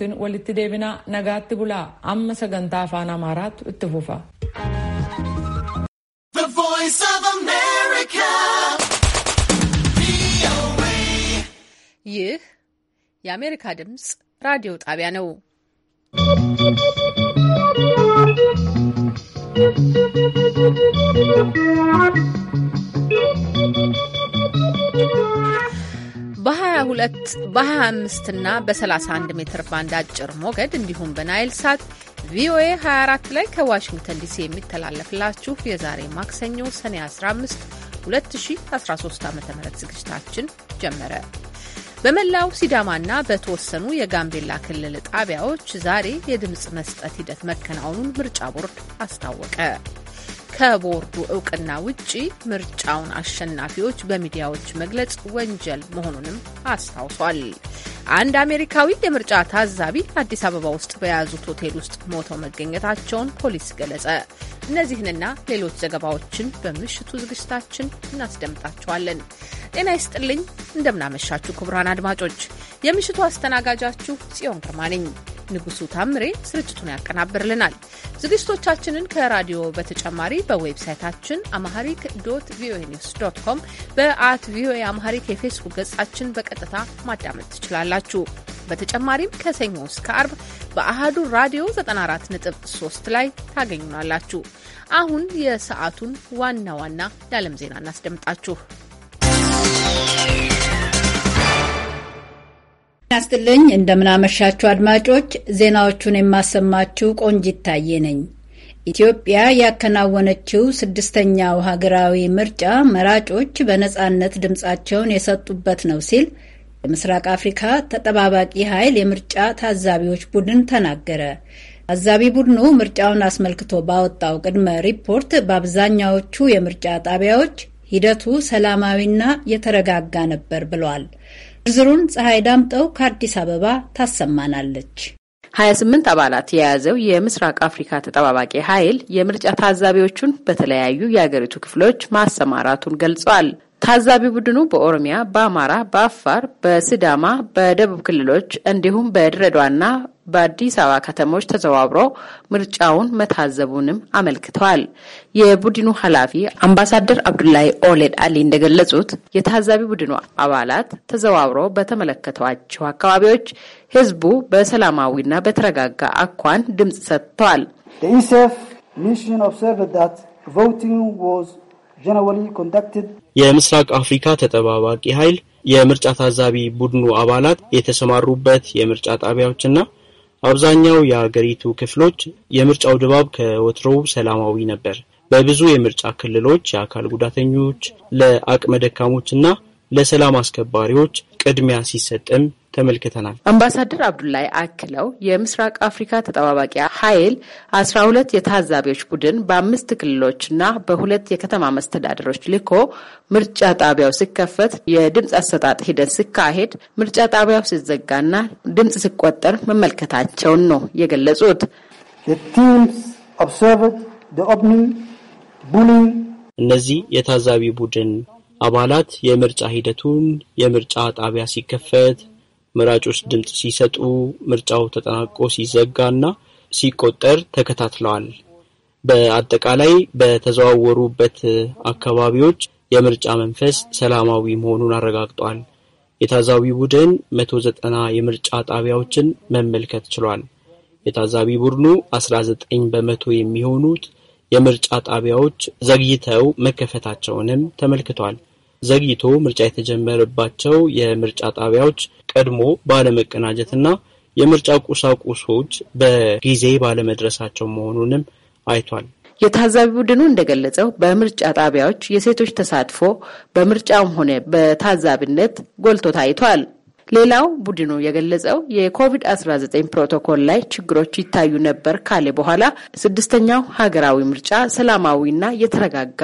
ትን ወልት ዴብና ነጋት ብላ አመ ሰገንታ አፋን አማራት እትፉፋ ይህ የአሜሪካ ድምጽ ራዲዮ ጣቢያ ነው። ¶¶ በ22 በ25 እና በ31 ሜትር ባንድ አጭር ሞገድ እንዲሁም በናይል ሳት ቪኦኤ 24 ላይ ከዋሽንግተን ዲሲ የሚተላለፍላችሁ የዛሬ ማክሰኞ ሰኔ 15 2013 ዓ ም ዝግጅታችን ጀመረ። በመላው ሲዳማና በተወሰኑ የጋምቤላ ክልል ጣቢያዎች ዛሬ የድምፅ መስጠት ሂደት መከናወኑን ምርጫ ቦርድ አስታወቀ። ከቦርዱ እውቅና ውጪ ምርጫውን አሸናፊዎች በሚዲያዎች መግለጽ ወንጀል መሆኑንም አስታውሷል። አንድ አሜሪካዊ የምርጫ ታዛቢ አዲስ አበባ ውስጥ በያዙት ሆቴል ውስጥ ሞተው መገኘታቸውን ፖሊስ ገለጸ። እነዚህንና ሌሎች ዘገባዎችን በምሽቱ ዝግጅታችን እናስደምጣችኋለን። ጤና ይስጥልኝ፣ እንደምናመሻችሁ ክቡራን አድማጮች። የምሽቱ አስተናጋጃችሁ ጽዮን ግርማ ነኝ። ንጉሱ ታምሬ ስርጭቱን ያቀናብርልናል። ዝግጅቶቻችንን ከራዲዮ በተጨማሪ በዌብሳይታችን አማሃሪክ ዶት ቪኦኤ ኒውስ ዶት ኮም፣ በአት ቪኦኤ አማሃሪክ የፌስቡክ ገጻችን በቀጥታ ማዳመጥ ትችላላችሁ። በተጨማሪም ከሰኞ እስከ አርብ በአህዱ ራዲዮ 94.3 ላይ ታገኙናላችሁ። አሁን የሰዓቱን ዋና ዋና የዓለም ዜና እናስደምጣችሁ። ያስትልኝ እንደምናመሻችሁ አድማጮች፣ ዜናዎቹን የማሰማችሁ ቆንጂት ታዬ ነኝ። ኢትዮጵያ ያከናወነችው ስድስተኛው ሀገራዊ ምርጫ መራጮች በነጻነት ድምጻቸውን የሰጡበት ነው ሲል የምስራቅ አፍሪካ ተጠባባቂ ኃይል የምርጫ ታዛቢዎች ቡድን ተናገረ። ታዛቢ ቡድኑ ምርጫውን አስመልክቶ ባወጣው ቅድመ ሪፖርት በአብዛኛዎቹ የምርጫ ጣቢያዎች ሂደቱ ሰላማዊና የተረጋጋ ነበር ብሏል። ዝርዝሩን ፀሐይ ዳምጠው ከአዲስ አበባ ታሰማናለች። 28 አባላት የያዘው የምስራቅ አፍሪካ ተጠባባቂ ኃይል የምርጫ ታዛቢዎቹን በተለያዩ የአገሪቱ ክፍሎች ማሰማራቱን ገልጿል። ታዛቢ ቡድኑ በኦሮሚያ፣ በአማራ፣ በአፋር፣ በስዳማ፣ በደቡብ ክልሎች እንዲሁም በድሬዳዋና በአዲስ አበባ ከተሞች ተዘዋብሮ ምርጫውን መታዘቡንም አመልክተዋል። የቡድኑ ኃላፊ አምባሳደር አብዱላይ ኦሌድ አሊ እንደገለጹት የታዛቢ ቡድኑ አባላት ተዘዋብሮ በተመለከቷቸው አካባቢዎች ህዝቡ በሰላማዊና በተረጋጋ አኳን ድምፅ ሰጥተዋል። ኢሴፍ ሚሽን ኦብሰርቭ ቮቲንግ ዋዝ ጀነራሊ ኮንዳክትድ የምስራቅ አፍሪካ ተጠባባቂ ኃይል የምርጫ ታዛቢ ቡድኑ አባላት የተሰማሩበት የምርጫ ጣቢያዎችና አብዛኛው የአገሪቱ ክፍሎች የምርጫው ድባብ ከወትሮው ሰላማዊ ነበር። በብዙ የምርጫ ክልሎች የአካል ጉዳተኞች፣ ለአቅመ ደካሞችና ለሰላም አስከባሪዎች ቅድሚያ ሲሰጥም ተመልክተናል። አምባሳደር አብዱላይ አክለው የምስራቅ አፍሪካ ተጠባባቂ ኃይል አስራ ሁለት የታዛቢዎች ቡድን በአምስት ክልሎችና በሁለት የከተማ መስተዳደሮች ልኮ ምርጫ ጣቢያው ሲከፈት የድምፅ አሰጣጥ ሂደት ሲካሄድ ምርጫ ጣቢያው ሲዘጋና ድምፅ ሲቆጠር መመልከታቸውን ነው የገለጹት። እነዚህ የታዛቢ ቡድን አባላት የምርጫ ሂደቱን፣ የምርጫ ጣቢያ ሲከፈት መራጮች ድምፅ ሲሰጡ ምርጫው ተጠናቆ ሲዘጋና ሲቆጠር ተከታትለዋል። በአጠቃላይ በተዘዋወሩበት አካባቢዎች የምርጫ መንፈስ ሰላማዊ መሆኑን አረጋግጧል። የታዛቢ ቡድን 190 የምርጫ ጣቢያዎችን መመልከት ችሏል። የታዛቢ ቡድኑ 19 በመቶ የሚሆኑት የምርጫ ጣቢያዎች ዘግይተው መከፈታቸውንም ተመልክቷል። ዘግይቶ ምርጫ የተጀመረባቸው የምርጫ ጣቢያዎች ቀድሞ ባለመቀናጀትና የምርጫ ቁሳቁሶች በጊዜ ባለመድረሳቸው መሆኑንም አይቷል። የታዛቢ ቡድኑ እንደገለጸው በምርጫ ጣቢያዎች የሴቶች ተሳትፎ በምርጫውም ሆነ በታዛቢነት ጎልቶ ታይቷል። ሌላው ቡድኑ የገለጸው የኮቪድ-19 ፕሮቶኮል ላይ ችግሮች ይታዩ ነበር ካለ በኋላ ስድስተኛው ሀገራዊ ምርጫ ሰላማዊና የተረጋጋ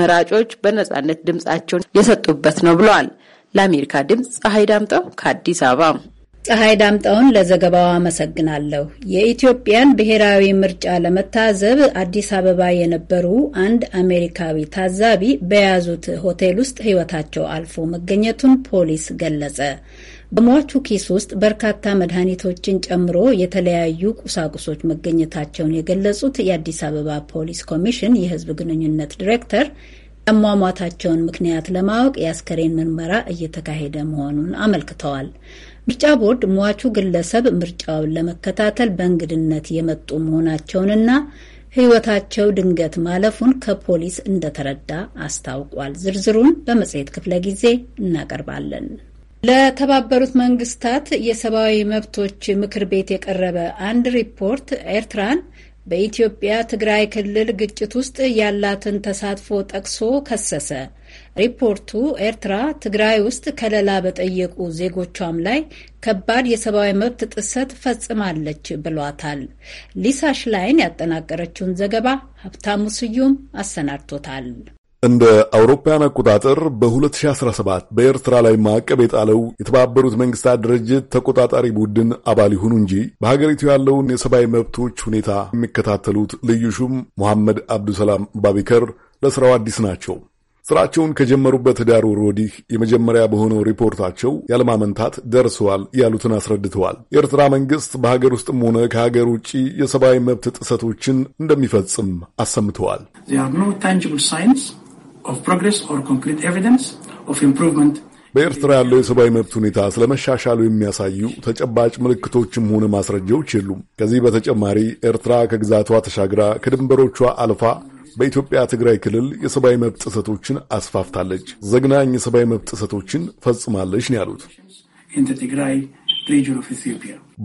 መራጮች በነጻነት ድምጻቸውን የሰጡበት ነው ብለዋል። ለአሜሪካ ድምፅ ፀሐይ ዳምጠው ከአዲስ አበባ ፀሐይ ዳምጠውን ለዘገባው አመሰግናለሁ። የኢትዮጵያን ብሔራዊ ምርጫ ለመታዘብ አዲስ አበባ የነበሩ አንድ አሜሪካዊ ታዛቢ በያዙት ሆቴል ውስጥ ሕይወታቸው አልፎ መገኘቱን ፖሊስ ገለጸ። በሟቹ ኪስ ውስጥ በርካታ መድኃኒቶችን ጨምሮ የተለያዩ ቁሳቁሶች መገኘታቸውን የገለጹት የአዲስ አበባ ፖሊስ ኮሚሽን የሕዝብ ግንኙነት ዲሬክተር አሟሟታቸውን ምክንያት ለማወቅ የአስከሬን ምርመራ እየተካሄደ መሆኑን አመልክተዋል። ምርጫ ቦርድ ሟቹ ግለሰብ ምርጫውን ለመከታተል በእንግድነት የመጡ መሆናቸውንና ሕይወታቸው ድንገት ማለፉን ከፖሊስ እንደተረዳ አስታውቋል። ዝርዝሩን በመጽሔት ክፍለ ጊዜ እናቀርባለን። ለተባበሩት መንግስታት የሰብአዊ መብቶች ምክር ቤት የቀረበ አንድ ሪፖርት ኤርትራን በኢትዮጵያ ትግራይ ክልል ግጭት ውስጥ ያላትን ተሳትፎ ጠቅሶ ከሰሰ። ሪፖርቱ ኤርትራ ትግራይ ውስጥ ከለላ በጠየቁ ዜጎቿም ላይ ከባድ የሰብአዊ መብት ጥሰት ፈጽማለች ብሏታል። ሊሳ ሽላይን ያጠናቀረችውን ዘገባ ሀብታሙ ስዩም አሰናድቶታል። እንደ አውሮፓውያን አቆጣጠር በ2017 በኤርትራ ላይ ማዕቀብ የጣለው የተባበሩት መንግስታት ድርጅት ተቆጣጣሪ ቡድን አባል ይሁኑ እንጂ በሀገሪቱ ያለውን የሰብአዊ መብቶች ሁኔታ የሚከታተሉት ልዩ ሹም መሐመድ አብዱሰላም ባቢከር ለሥራው አዲስ ናቸው። ስራቸውን ከጀመሩበት ህዳር ወር ወዲህ የመጀመሪያ በሆነው ሪፖርታቸው ያለማመንታት ደርሰዋል ያሉትን አስረድተዋል። የኤርትራ መንግስት በሀገር ውስጥም ሆነ ከሀገር ውጭ የሰብአዊ መብት ጥሰቶችን እንደሚፈጽም አሰምተዋል። በኤርትራ ያለው የሰብአዊ መብት ሁኔታ ስለመሻሻሉ የሚያሳዩ ተጨባጭ ምልክቶችም ሆነ ማስረጃዎች የሉም። ከዚህ በተጨማሪ ኤርትራ ከግዛቷ ተሻግራ ከድንበሮቿ አልፋ በኢትዮጵያ ትግራይ ክልል የሰብአዊ መብት ጥሰቶችን አስፋፍታለች፣ ዘግናኝ የሰብአዊ መብት ጥሰቶችን ፈጽማለች ነው ያሉት።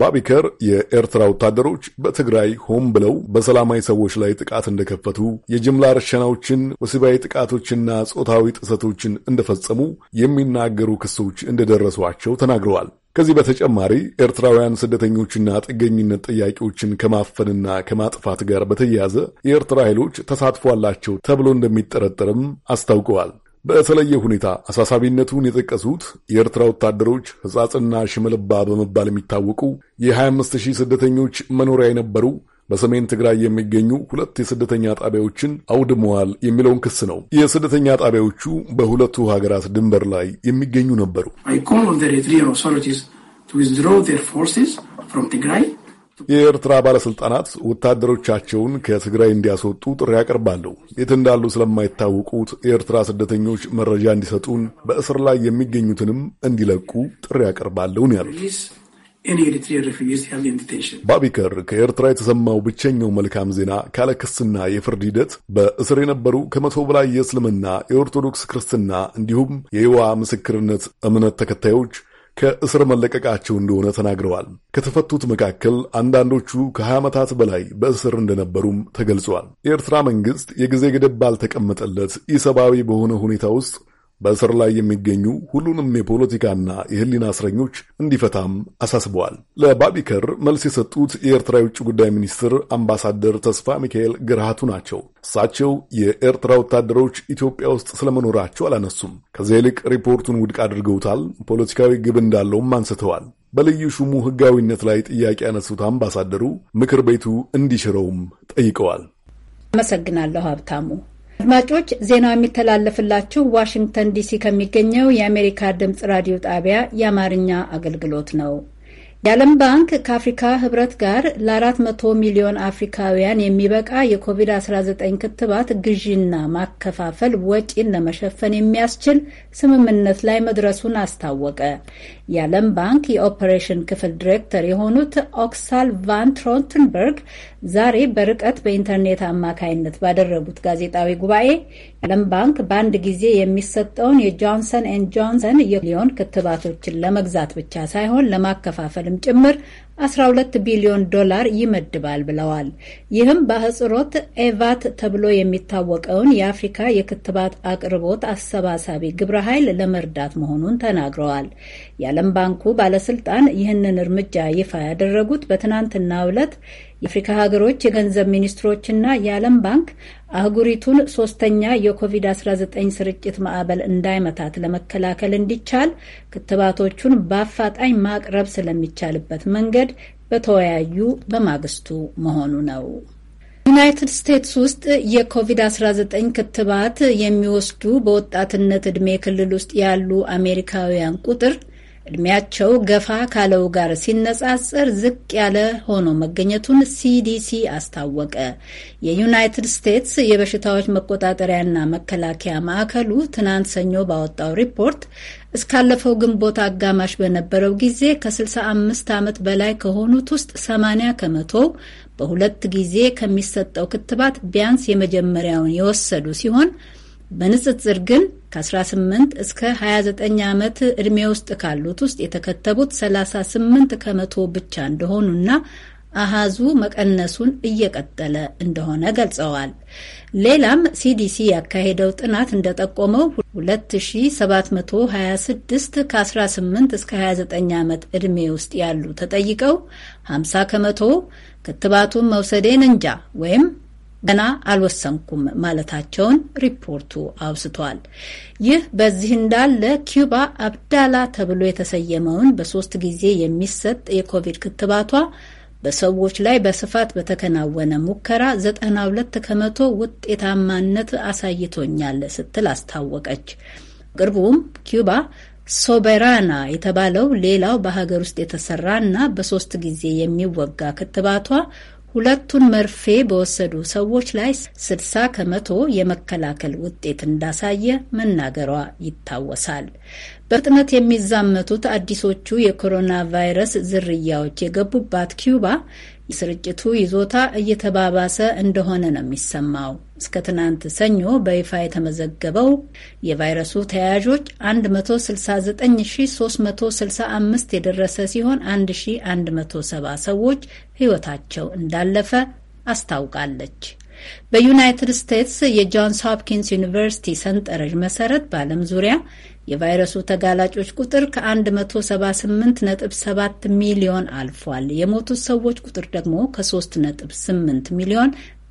ባቢከር የኤርትራ ወታደሮች በትግራይ ሆን ብለው በሰላማዊ ሰዎች ላይ ጥቃት እንደከፈቱ፣ የጅምላ ርሸናዎችን፣ ወሲባዊ ጥቃቶችና ጾታዊ ጥሰቶችን እንደፈጸሙ የሚናገሩ ክሶች እንደደረሷቸው ተናግረዋል። ከዚህ በተጨማሪ ኤርትራውያን ስደተኞችና ጥገኝነት ጥያቄዎችን ከማፈንና ከማጥፋት ጋር በተያያዘ የኤርትራ ኃይሎች ተሳትፎ አላቸው ተብሎ እንደሚጠረጠርም አስታውቀዋል። በተለየ ሁኔታ አሳሳቢነቱን የጠቀሱት የኤርትራ ወታደሮች ሕጻጽና ሽመልባ በመባል የሚታወቁ የ 25000 ስደተኞች መኖሪያ የነበሩ በሰሜን ትግራይ የሚገኙ ሁለት የስደተኛ ጣቢያዎችን አውድመዋል የሚለውን ክስ ነው። የስደተኛ ጣቢያዎቹ በሁለቱ ሀገራት ድንበር ላይ የሚገኙ ነበሩ። የኤርትራ ባለስልጣናት ወታደሮቻቸውን ከትግራይ እንዲያስወጡ ጥሪ አቀርባለሁ የት እንዳሉ ስለማይታወቁት የኤርትራ ስደተኞች መረጃ እንዲሰጡን፣ በእስር ላይ የሚገኙትንም እንዲለቁ ጥሪ ያቀርባለውን ያሉት ባቢከር ከኤርትራ የተሰማው ብቸኛው መልካም ዜና ካለ ክስና የፍርድ ሂደት በእስር የነበሩ ከመቶ በላይ የእስልምና፣ የኦርቶዶክስ ክርስትና እንዲሁም የይሖዋ ምስክርነት እምነት ተከታዮች ከእስር መለቀቃቸው እንደሆነ ተናግረዋል። ከተፈቱት መካከል አንዳንዶቹ ከ20 ዓመታት በላይ በእስር እንደነበሩም ተገልጿል። የኤርትራ መንግሥት የጊዜ ገደብ ባልተቀመጠለት ኢሰብአዊ በሆነ ሁኔታ ውስጥ በእስር ላይ የሚገኙ ሁሉንም የፖለቲካና የህሊና እስረኞች እንዲፈታም አሳስበዋል። ለባቢከር መልስ የሰጡት የኤርትራ የውጭ ጉዳይ ሚኒስትር አምባሳደር ተስፋ ሚካኤል ግርሃቱ ናቸው። እሳቸው የኤርትራ ወታደሮች ኢትዮጵያ ውስጥ ስለመኖራቸው አላነሱም። ከዚያ ይልቅ ሪፖርቱን ውድቅ አድርገውታል። ፖለቲካዊ ግብ እንዳለውም አንስተዋል። በልዩ ሹሙ ህጋዊነት ላይ ጥያቄ ያነሱት አምባሳደሩ ምክር ቤቱ እንዲሽረውም ጠይቀዋል። አመሰግናለሁ ሀብታሙ። አድማጮች ዜናው የሚተላለፍላችሁ ዋሽንግተን ዲሲ ከሚገኘው የአሜሪካ ድምፅ ራዲዮ ጣቢያ የአማርኛ አገልግሎት ነው። የዓለም ባንክ ከአፍሪካ ህብረት ጋር ለ400 ሚሊዮን አፍሪካውያን የሚበቃ የኮቪድ-19 ክትባት ግዢና ማከፋፈል ወጪን ለመሸፈን የሚያስችል ስምምነት ላይ መድረሱን አስታወቀ። የዓለም ባንክ የኦፐሬሽን ክፍል ዲሬክተር የሆኑት ኦክሳል ቫን ትሮንትንበርግ ዛሬ በርቀት በኢንተርኔት አማካይነት ባደረጉት ጋዜጣዊ ጉባኤ ዓለም ባንክ በአንድ ጊዜ የሚሰጠውን የጆንሰን ኤን ጆንሰን የሊዮን ክትባቶችን ለመግዛት ብቻ ሳይሆን ለማከፋፈልም ጭምር 12 ቢሊዮን ዶላር ይመድባል ብለዋል። ይህም በአህጽሮት ኤቫት ተብሎ የሚታወቀውን የአፍሪካ የክትባት አቅርቦት አሰባሳቢ ግብረ ኃይል ለመርዳት መሆኑን ተናግረዋል። የዓለም ባንኩ ባለስልጣን ይህንን እርምጃ ይፋ ያደረጉት በትናንትናው ዕለት የአፍሪካ ሀገሮች የገንዘብ ሚኒስትሮችና የዓለም ባንክ አህጉሪቱን ሶስተኛ የኮቪድ-19 ስርጭት ማዕበል እንዳይመታት ለመከላከል እንዲቻል ክትባቶቹን በአፋጣኝ ማቅረብ ስለሚቻልበት መንገድ በተወያዩ በማግስቱ መሆኑ ነው። ዩናይትድ ስቴትስ ውስጥ የኮቪድ-19 ክትባት የሚወስዱ በወጣትነት ዕድሜ ክልል ውስጥ ያሉ አሜሪካውያን ቁጥር ዕድሜያቸው ገፋ ካለው ጋር ሲነጻጸር ዝቅ ያለ ሆኖ መገኘቱን ሲዲሲ አስታወቀ። የዩናይትድ ስቴትስ የበሽታዎች መቆጣጠሪያና መከላከያ ማዕከሉ ትናንት ሰኞ ባወጣው ሪፖርት እስካለፈው ግንቦት አጋማሽ በነበረው ጊዜ ከ65 ዓመት በላይ ከሆኑት ውስጥ 80 ከመቶ በሁለት ጊዜ ከሚሰጠው ክትባት ቢያንስ የመጀመሪያውን የወሰዱ ሲሆን በንጽጽር ግን ከ18 እስከ 29 ዓመት ዕድሜ ውስጥ ካሉት ውስጥ የተከተቡት 38 ከመቶ ብቻ እንደሆኑና አሃዙ መቀነሱን እየቀጠለ እንደሆነ ገልጸዋል። ሌላም ሲዲሲ ያካሄደው ጥናት እንደጠቆመው 2726 ከ18 እስከ 29 ዓመት ዕድሜ ውስጥ ያሉ ተጠይቀው 50 ከመቶ ክትባቱን መውሰዴን እንጃ ወይም ገና አልወሰንኩም ማለታቸውን ሪፖርቱ አውስቷል። ይህ በዚህ እንዳለ ኪዩባ አብዳላ ተብሎ የተሰየመውን በሶስት ጊዜ የሚሰጥ የኮቪድ ክትባቷ በሰዎች ላይ በስፋት በተከናወነ ሙከራ 92 ከመቶ ውጤታማነት አሳይቶኛል ስትል አስታወቀች። ቅርቡም ኪዩባ ሶበራና የተባለው ሌላው በሀገር ውስጥ የተሰራና በሶስት ጊዜ የሚወጋ ክትባቷ ሁለቱን መርፌ በወሰዱ ሰዎች ላይ 60 ከመቶ የመከላከል ውጤት እንዳሳየ መናገሯ ይታወሳል። በፍጥነት የሚዛመቱት አዲሶቹ የኮሮና ቫይረስ ዝርያዎች የገቡባት ኪዩባ የስርጭቱ ይዞታ እየተባባሰ እንደሆነ ነው የሚሰማው። እስከ ትናንት ሰኞ በይፋ የተመዘገበው የቫይረሱ ተያያዦች 169365 የደረሰ ሲሆን 1170 ሰዎች ሕይወታቸው እንዳለፈ አስታውቃለች። በዩናይትድ ስቴትስ የጆንስ ሆፕኪንስ ዩኒቨርሲቲ ሰንጠረዥ መሰረት በዓለም ዙሪያ የቫይረሱ ተጋላጮች ቁጥር ከ178.7 ሚሊዮን አልፏል። የሞቱት ሰዎች ቁጥር ደግሞ ከ3.8 ሚሊዮን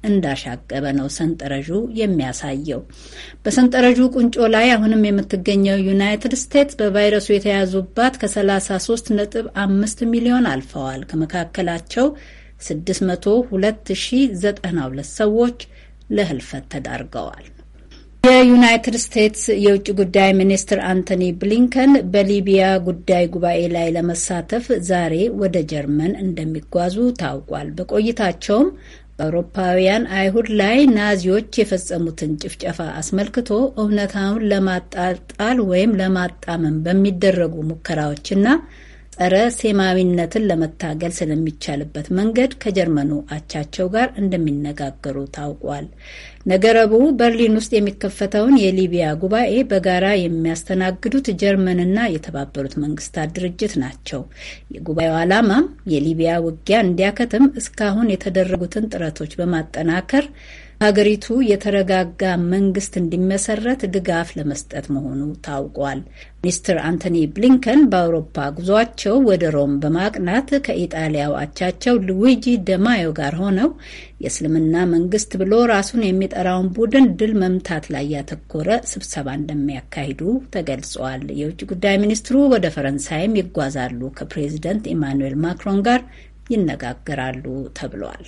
እንዳሻቀበ ነው ሰንጠረዡ የሚያሳየው። በሰንጠረዡ ቁንጮ ላይ አሁንም የምትገኘው ዩናይትድ ስቴትስ በቫይረሱ የተያዙባት ከ33.5 ሚሊዮን አልፈዋል። ከመካከላቸው 602,092 ሰዎች ለህልፈት ተዳርገዋል። የዩናይትድ ስቴትስ የውጭ ጉዳይ ሚኒስትር አንቶኒ ብሊንከን በሊቢያ ጉዳይ ጉባኤ ላይ ለመሳተፍ ዛሬ ወደ ጀርመን እንደሚጓዙ ታውቋል። በቆይታቸውም በአውሮፓውያን አይሁድ ላይ ናዚዎች የፈጸሙትን ጭፍጨፋ አስመልክቶ እውነታውን ለማጣጣል ወይም ለማጣመም በሚደረጉ ሙከራዎችና ጸረ ሴማዊነትን ለመታገል ስለሚቻልበት መንገድ ከጀርመኑ አቻቸው ጋር እንደሚነጋገሩ ታውቋል። ነገ ረቡዕ በርሊን ውስጥ የሚከፈተውን የሊቢያ ጉባኤ በጋራ የሚያስተናግዱት ጀርመንና የተባበሩት መንግስታት ድርጅት ናቸው። የጉባኤው ዓላማም የሊቢያ ውጊያ እንዲያከትም እስካሁን የተደረጉትን ጥረቶች በማጠናከር ሀገሪቱ የተረጋጋ መንግስት እንዲመሰረት ድጋፍ ለመስጠት መሆኑ ታውቋል። ሚኒስትር አንቶኒ ብሊንከን በአውሮፓ ጉዟቸው ወደ ሮም በማቅናት ከኢጣሊያው አቻቸው ሉዊጂ ደማዮ ጋር ሆነው የእስልምና መንግስት ብሎ ራሱን የሚጠራውን ቡድን ድል መምታት ላይ ያተኮረ ስብሰባ እንደሚያካሂዱ ተገልጿል። የውጭ ጉዳይ ሚኒስትሩ ወደ ፈረንሳይም ይጓዛሉ። ከፕሬዚደንት ኢማኑኤል ማክሮን ጋር ይነጋገራሉ ተብሏል።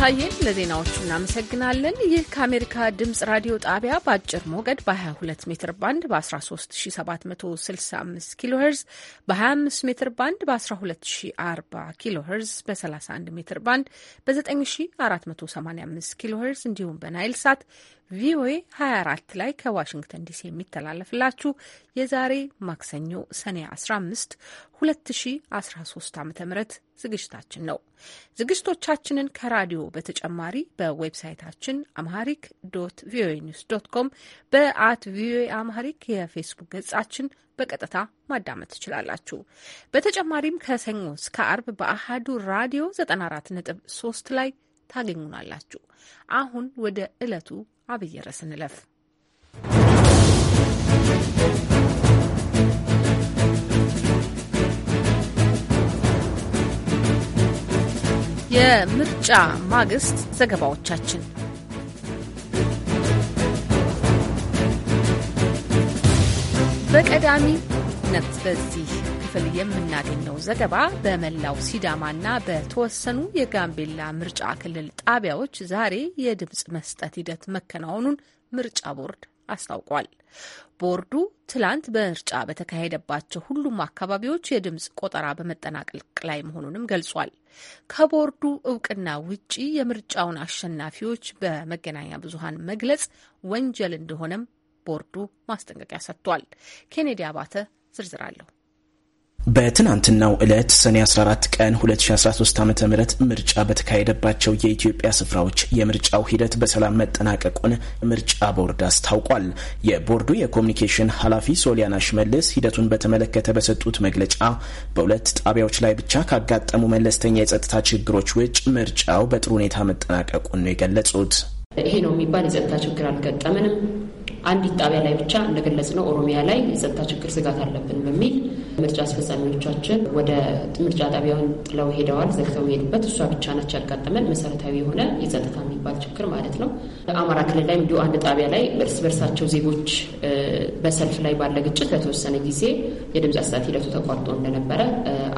ታየን ለዜናዎቹ እናመሰግናለን። ይህ ከአሜሪካ ድምጽ ራዲዮ ጣቢያ በአጭር ሞገድ በ22 ሜትር ባንድ በ13765 ኪሎ ሄርዝ፣ በ25 ሜትር ባንድ በ1240 ኪሎ ሄርዝ፣ በ31 ሜትር ባንድ በ9485 ኪሎ ሄርዝ እንዲሁም በናይል ሳት ቪኦኤ 24 ላይ ከዋሽንግተን ዲሲ የሚተላለፍላችሁ የዛሬ ማክሰኞ ሰኔ 15 2013 ዓ ም ዝግጅታችን ነው። ዝግጅቶቻችንን ከራዲዮ በተጨማሪ በዌብሳይታችን አምሃሪክ ዶት ቪኦኤ ኒውስ ዶት ኮም፣ በአት ቪኦኤ አምሃሪክ የፌስቡክ ገጻችን በቀጥታ ማዳመጥ ትችላላችሁ። በተጨማሪም ከሰኞ እስከ አርብ በአሃዱ ራዲዮ 94.3 ላይ ታገኙናላችሁ። አሁን ወደ ዕለቱ አብይ ርዕስ እንለፍ። የምርጫ ማግስት ዘገባዎቻችን በቀዳሚነት በዚህ ክፍል የምናገኘው ዘገባ በመላው ሲዳማና በተወሰኑ የጋምቤላ ምርጫ ክልል ጣቢያዎች ዛሬ የድምፅ መስጠት ሂደት መከናወኑን ምርጫ ቦርድ አስታውቋል። ቦርዱ ትላንት በምርጫ በተካሄደባቸው ሁሉም አካባቢዎች የድምፅ ቆጠራ በመጠናቀቅ ላይ መሆኑንም ገልጿል። ከቦርዱ እውቅና ውጪ የምርጫውን አሸናፊዎች በመገናኛ ብዙሃን መግለጽ ወንጀል እንደሆነም ቦርዱ ማስጠንቀቂያ ሰጥቷል። ኬኔዲ አባተ ዝርዝር አለሁ በትናንትናው ዕለት ሰኔ 14 ቀን 2013 ዓ ም ምርጫ በተካሄደባቸው የኢትዮጵያ ስፍራዎች የምርጫው ሂደት በሰላም መጠናቀቁን ምርጫ ቦርድ አስታውቋል። የቦርዱ የኮሚኒኬሽን ኃላፊ ሶሊያና ሽመልስ ሂደቱን በተመለከተ በሰጡት መግለጫ በሁለት ጣቢያዎች ላይ ብቻ ካጋጠሙ መለስተኛ የጸጥታ ችግሮች ውጭ ምርጫው በጥሩ ሁኔታ መጠናቀቁን ነው የገለጹት። ይሄ ነው የሚባል የጸጥታ ችግር አልገጠመንም። አንዲት ጣቢያ ላይ ብቻ እንደገለጽ ነው ኦሮሚያ ላይ የጸጥታ ችግር ስጋት አለብን በሚል ምርጫ አስፈጻሚዎቻችን ወደ ምርጫ ጣቢያውን ጥለው ሄደዋል። ዘግተው ሄዱበት እሷ ብቻ ናች ያጋጠመን መሰረታዊ የሆነ የጸጥታ የሚባል ችግር ማለት ነው። አማራ ክልል ላይ እንዲሁ አንድ ጣቢያ ላይ እርስ በርሳቸው ዜጎች በሰልፍ ላይ ባለ ግጭት ለተወሰነ ጊዜ የድምፅ አሰጣጥ ሂደቱ ተቋርጦ እንደነበረ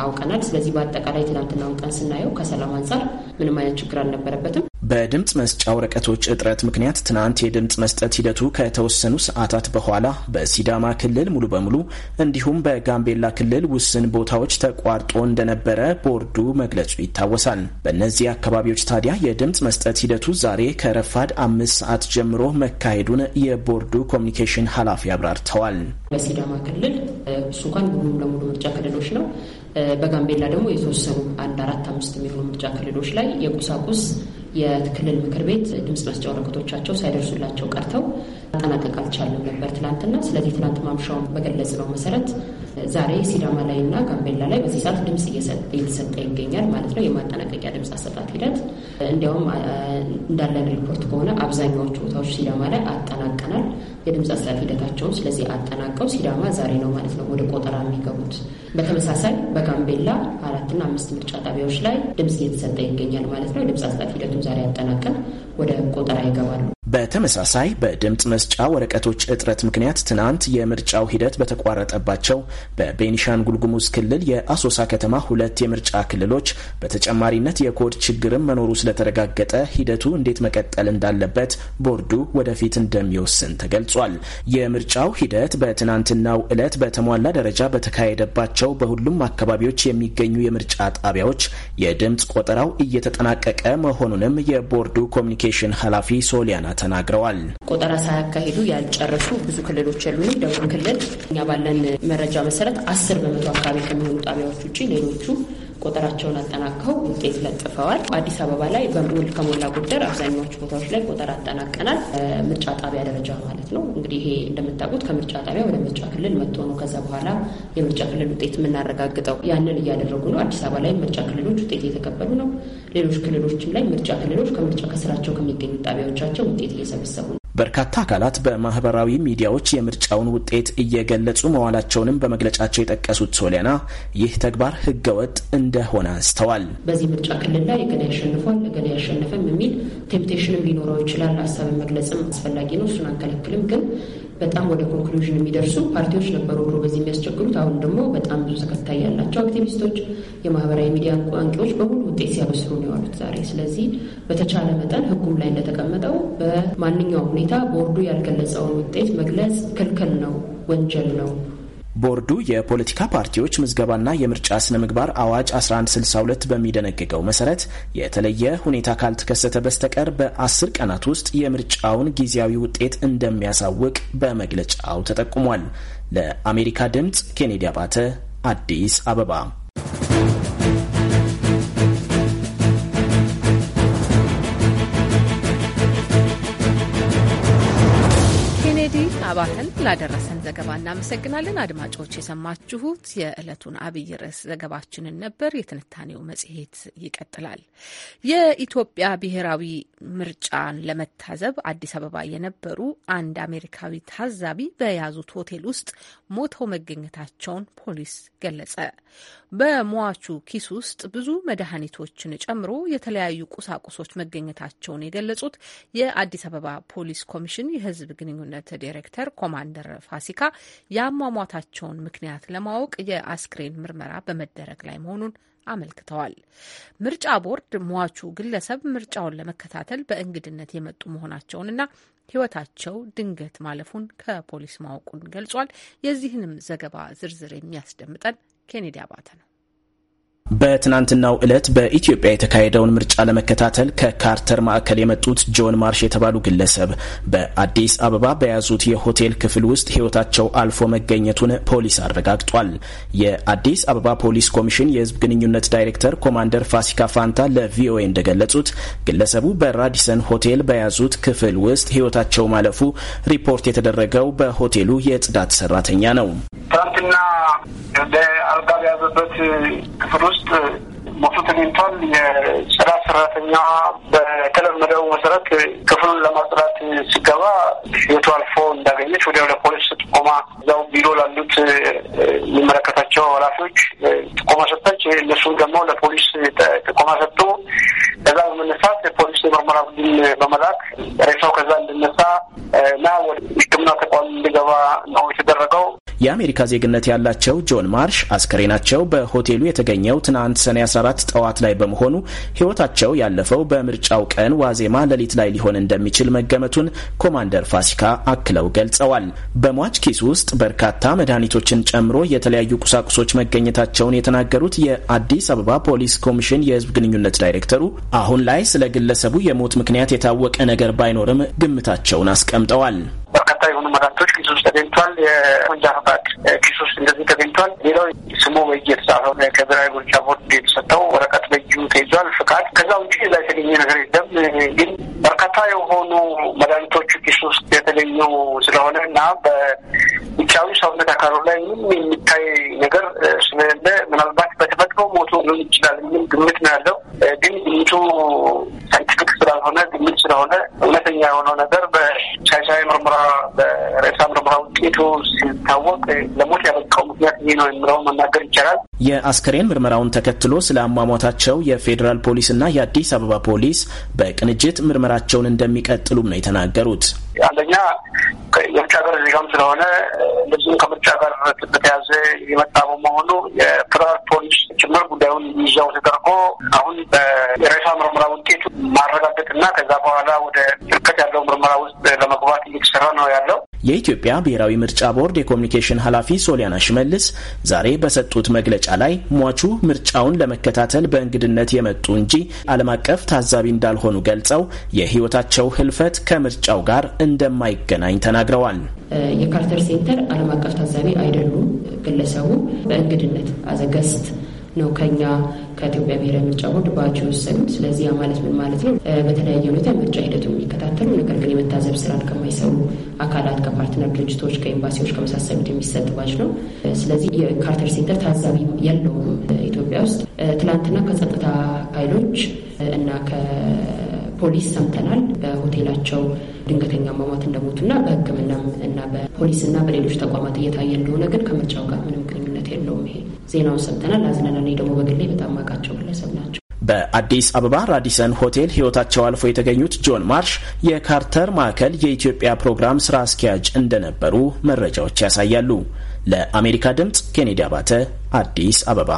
አውቀናል። ስለዚህ በአጠቃላይ ትናንትናውን ቀን ስናየው ከሰላም አንጻር ምንም አይነት ችግር አልነበረበትም። በድምፅ መስጫ ወረቀቶች እጥረት ምክንያት ትናንት የድምፅ መስጠት ሂደቱ ከተወሰ ከተወሰኑ ሰዓታት በኋላ በሲዳማ ክልል ሙሉ በሙሉ እንዲሁም በጋምቤላ ክልል ውስን ቦታዎች ተቋርጦ እንደነበረ ቦርዱ መግለጹ ይታወሳል። በእነዚህ አካባቢዎች ታዲያ የድምፅ መስጠት ሂደቱ ዛሬ ከረፋድ አምስት ሰዓት ጀምሮ መካሄዱን የቦርዱ ኮሚኒኬሽን ኃላፊ አብራርተዋል። በሲዳማ ክልል እሱ ሙሉ ለሙሉ ምርጫ ክልሎች ነው። በጋምቤላ ደግሞ የተወሰኑ አንድ አራት አምስት የሚሆኑ ምርጫ ክልሎች ላይ የቁሳቁስ የክልል ምክር ቤት ድምፅ መስጫ ወረቀቶቻቸው ሳይደርሱላቸው ቀርተው አጠናቀ አልቻለም ነበር ትናንትና። ስለዚህ ትናንት ማምሻውን በገለጽ ነው መሰረት ዛሬ ሲዳማ ላይ እና ጋምቤላ ላይ በዚህ ሰዓት ድምፅ እየተሰጠ ይገኛል ማለት ነው። የማጠናቀቂያ ድምፅ አሰጣት ሂደት እንዲያውም እንዳለን ሪፖርት ከሆነ አብዛኛዎቹ ቦታዎች ሲዳማ ላይ አጠናቀናል። የድምፅ አሰጣት ሂደታቸውን ስለዚህ አጠናቀው ሲዳማ ዛሬ ነው ማለት ነው ወደ ቆጠራ የሚገቡት። በተመሳሳይ በጋምቤላ አራትና አምስት ምርጫ ጣቢያዎች ላይ ድምፅ እየተሰጠ ይገኛል ማለት ነው። የድምፅ አሰጣት ሂደቱ ዛሬ አጠናቀን ወደ ቆጠራ ይገባሉ። በተመሳሳይ በድምፅ መስጫ ወረቀቶች እጥረት ምክንያት ትናንት የምርጫው ሂደት በተቋረጠባቸው በቤኒሻንጉል ጉሙዝ ክልል የአሶሳ ከተማ ሁለት የምርጫ ክልሎች በተጨማሪነት የኮድ ችግርም መኖሩ ስለተረጋገጠ ሂደቱ እንዴት መቀጠል እንዳለበት ቦርዱ ወደፊት እንደሚወስን ተገልጿል። የምርጫው ሂደት በትናንትናው ዕለት በተሟላ ደረጃ በተካሄደባቸው በሁሉም አካባቢዎች የሚገኙ የምርጫ ጣቢያዎች የድምፅ ቆጠራው እየተጠናቀቀ መሆኑንም የቦርዱ ኮሚኒኬሽን ኃላፊ ሶሊያና ተናግረዋል። ቆጠራ ሳያካሂዱ ያልጨረሱ ብዙ ክልሎች የሉም። ደቡብ ክልል እኛ ባለን መረጃ መሰረት አስር በመቶ አካባቢ ከሚሆኑ ጣቢያዎች ውጭ ሌሎቹ ቆጠራቸውን አጠናቀው ውጤት ለጥፈዋል። አዲስ አበባ ላይ በሙል ከሞላ ጎደር አብዛኛዎቹ ቦታዎች ላይ ቆጠር አጠናቀናል። ምርጫ ጣቢያ ደረጃ ማለት ነው። እንግዲህ ይሄ እንደምታውቁት ከምርጫ ጣቢያ ወደ ምርጫ ክልል መጥቶ ነው ከዛ በኋላ የምርጫ ክልል ውጤት የምናረጋግጠው። ያንን እያደረጉ ነው። አዲስ አበባ ላይ ምርጫ ክልሎች ውጤት እየተቀበሉ ነው። ሌሎች ክልሎችም ላይ ምርጫ ክልሎች ከምርጫ ከስራቸው ከሚገኙ ጣቢያዎቻቸው ውጤት እየሰበሰቡ ነው። በርካታ አካላት በማህበራዊ ሚዲያዎች የምርጫውን ውጤት እየገለጹ መዋላቸውንም በመግለጫቸው የጠቀሱት ሶሊያና ይህ ተግባር ህገወጥ እንደሆነ አንስተዋል። በዚህ ምርጫ ክልል ላይ እገሌ ያሸንፏል፣ እገሌ አያሸንፍም የሚል ቴምፕቴሽንም ሊኖረው ይችላል። ሀሳብን መግለጽም አስፈላጊ ነው፣ እሱን አንከለክልም ግን በጣም ወደ ኮንክሉዥን የሚደርሱ ፓርቲዎች ነበሩ ድሮ በዚህ የሚያስቸግሩት። አሁን ደግሞ በጣም ብዙ ተከታይ ያላቸው አክቲቪስቶች፣ የማህበራዊ ሚዲያ አንቂዎች በሙሉ ውጤት ሲያበስሩ ነው የዋሉት ዛሬ። ስለዚህ በተቻለ መጠን ህጉም ላይ እንደተቀመጠው በማንኛውም ሁኔታ ቦርዱ ያልገለጸውን ውጤት መግለጽ ክልክል ነው፣ ወንጀል ነው ቦርዱ የፖለቲካ ፓርቲዎች ምዝገባና የምርጫ ስነ ምግባር አዋጅ 1162 በሚደነግገው መሰረት የተለየ ሁኔታ ካልተከሰተ በስተቀር በአስር ቀናት ውስጥ የምርጫውን ጊዜያዊ ውጤት እንደሚያሳውቅ በመግለጫው ተጠቁሟል። ለአሜሪካ ድምፅ ኬኔዲ አባተ አዲስ አበባ አባተን ላደረሰን ዘገባ እናመሰግናለን። አድማጮች የሰማችሁት የዕለቱን አብይ ርዕስ ዘገባችንን ነበር። የትንታኔው መጽሔት ይቀጥላል። የኢትዮጵያ ብሔራዊ ምርጫን ለመታዘብ አዲስ አበባ የነበሩ አንድ አሜሪካዊ ታዛቢ በያዙት ሆቴል ውስጥ ሞተው መገኘታቸውን ፖሊስ ገለጸ። በሟቹ ኪስ ውስጥ ብዙ መድኃኒቶችን ጨምሮ የተለያዩ ቁሳቁሶች መገኘታቸውን የገለጹት የአዲስ አበባ ፖሊስ ኮሚሽን የሕዝብ ግንኙነት ዲሬክተር ኮማንደር ፋሲካ የአሟሟታቸውን ምክንያት ለማወቅ የአስክሬን ምርመራ በመደረግ ላይ መሆኑን አመልክተዋል። ምርጫ ቦርድ ሟቹ ግለሰብ ምርጫውን ለመከታተል በእንግድነት የመጡ መሆናቸውንና ህይወታቸው ድንገት ማለፉን ከፖሊስ ማወቁን ገልጿል። የዚህንም ዘገባ ዝርዝር የሚያስደምጠን ኬኔዲ አባተ ነው። በትናንትናው ዕለት በኢትዮጵያ የተካሄደውን ምርጫ ለመከታተል ከካርተር ማዕከል የመጡት ጆን ማርሽ የተባሉ ግለሰብ በአዲስ አበባ በያዙት የሆቴል ክፍል ውስጥ ሕይወታቸው አልፎ መገኘቱን ፖሊስ አረጋግጧል። የአዲስ አበባ ፖሊስ ኮሚሽን የሕዝብ ግንኙነት ዳይሬክተር ኮማንደር ፋሲካ ፋንታ ለቪኦኤ እንደገለጹት ግለሰቡ በራዲሰን ሆቴል በያዙት ክፍል ውስጥ ሕይወታቸው ማለፉ ሪፖርት የተደረገው በሆቴሉ የጽዳት ሰራተኛ ነው። ትናንትና ባለበት ክፍል ውስጥ ሞቱ ተገኝቷል። የጽዳት ሰራተኛ በተለመደው መሰረት ክፍሉን ለማጽዳት ሲገባ ህይወቱ አልፎ እንዳገኘች ወደ ፖሊስ ጥቆማ እዛው ቢሮ ላሉት የሚመለከታቸው ኃላፊዎች ጥቆማ ሰጠች። እነሱም ደግሞ ለፖሊስ ጥቆማ ሰጡ። ከዛ በመነሳት ፖሊስ የምርመራ ቡድን በመላክ ሬሳው ከዛ እንድነሳ እና ወደ ሕክምና ተቋም እንዲገባ ነው የተደረገው። የአሜሪካ ዜግነት ያላቸው ጆን ማርሽ አስከሬናቸው በሆቴሉ የተገኘው ትናንት ሰኔ 14 ጠዋት ላይ በመሆኑ ሕይወታቸው ያለፈው በምርጫው ቀን ዋዜማ ሌሊት ላይ ሊሆን እንደሚችል መገመቱን ኮማንደር ፋሲካ አክለው ገልጸዋል። በሟች ኪስ ውስጥ በርካታ መድኃኒቶችን ጨምሮ የተለያዩ ቁሳቁሶች መገኘታቸውን የተናገሩት የአዲስ አበባ ፖሊስ ኮሚሽን የህዝብ ግንኙነት ዳይሬክተሩ አሁን ላይ ስለ ግለሰቡ የሞት ምክንያት የታወቀ ነገር ባይኖርም ግምታቸውን አስቀምጠዋል። በርካታ የሆኑ መድኃኒቶች ኪስ ውስጥ ተገኝቷል። የወንጃ ፈቃድ ኪስ ውስጥ እንደዚህ ተገኝቷል። ሌላው ስሙ በእጅ የተጻፈው ከብሔራዊ ምርጫ ቦርድ የተሰጠው ወረቀት በእጁ ተይዟል ፍቃድ። ከዛ ውጭ ላይ የተገኘ ነገር የለም። ግን በርካታ የሆኑ መድኃኒቶቹ ኪስ ውስጥ የተገኙ ስለሆነ እና በውጫዊ ሰውነት አካሉ ላይ ምንም የሚታይ ነገር ስለሌለ ምናልባት በተፈጥሮ ሞቶ ሊሆን ይችላል የሚል ግምት ነው ያለው። ግን ግምቱ ሳይንቲፊክ ስላልሆነ ግምት ስለሆነ እውነተኛ የሆነው ነገር በሻሻይ ምርመራ በሬሳ ምርምራ ውጤቱ ሲታወቅ ለሞት ያበቃው ምክንያት ይህ ነው የምለውን መናገር ይቻላል። የአስከሬን ምርመራውን ተከትሎ ስለ አሟሟታቸው የፌዴራል ፖሊስና የአዲስ አበባ ፖሊስ በቅንጅት ምርመራቸውን እንደሚቀጥሉም ነው የተናገሩት። አንደኛ የምርጫ ሀገር ዜጋም ስለሆነ እንደዚሁም ከምርጫ ጋር በተያዘ የመጣ በመሆኑ የፌዴራል ፖሊስ ጭምር ጉዳዩን ይዘው ተደርጎ አሁን በሬሳ ምርመራ ውጤቱ ማረጋገጥ እና ከዛ በኋላ ወደ ጥልቀት ያለው ምርመራ ውስጥ ለመግባት እየተሰራ ነው ያለው። የኢትዮጵያ ብሔራዊ ምርጫ ቦርድ የኮሚኒኬሽን ኃላፊ ሶሊያና ሽመልስ ዛሬ በሰጡት መግለጫ ላይ ሟቹ ምርጫውን ለመከታተል በእንግድነት የመጡ እንጂ ዓለም አቀፍ ታዛቢ እንዳልሆኑ ገልጸው የሕይወታቸው ህልፈት ከምርጫው ጋር እንደማይገናኝ ተናግረዋል። የካርተር ሴንተር ዓለም አቀፍ ታዛቢ አይደሉም። ግለሰቡ በእንግድነት አዘገስት ነው ከኛ ከኢትዮጵያ ብሔራዊ ምርጫ ቦርድ በአዋጅ የወሰኑት። ስለዚህ ያ ማለት ምን ማለት ነው? በተለያየ ሁኔታ የምርጫ ሂደቱ የሚከታተሉ ነገር ግን የመታዘብ ስራን ከማይሰሩ አካላት፣ ከፓርትነር ድርጅቶች፣ ከኤምባሲዎች፣ ከመሳሰሉት የሚሰጥ ባጅ ነው። ስለዚህ የካርተር ሴንተር ታዛቢ የለውም ኢትዮጵያ ውስጥ። ትናንትና ከጸጥታ ኃይሎች እና ከፖሊስ ሰምተናል። በሆቴላቸው ድንገተኛ ሟሟት እንደሞቱና በሕክምናም እና በፖሊስና በሌሎች ተቋማት እየታየ እንደሆነ ግን ከምርጫው ጋር ምንም ይሄ ዜናውን ሰምተናል፣ አዝነናል። እኔ ደግሞ በግሌ በጣም ማቃቸው ግለሰብ ናቸው። በአዲስ አበባ ራዲሰን ሆቴል ህይወታቸው አልፎ የተገኙት ጆን ማርሽ የካርተር ማዕከል የኢትዮጵያ ፕሮግራም ስራ አስኪያጅ እንደነበሩ መረጃዎች ያሳያሉ። ለአሜሪካ ድምፅ ኬኔዲ አባተ አዲስ አበባ።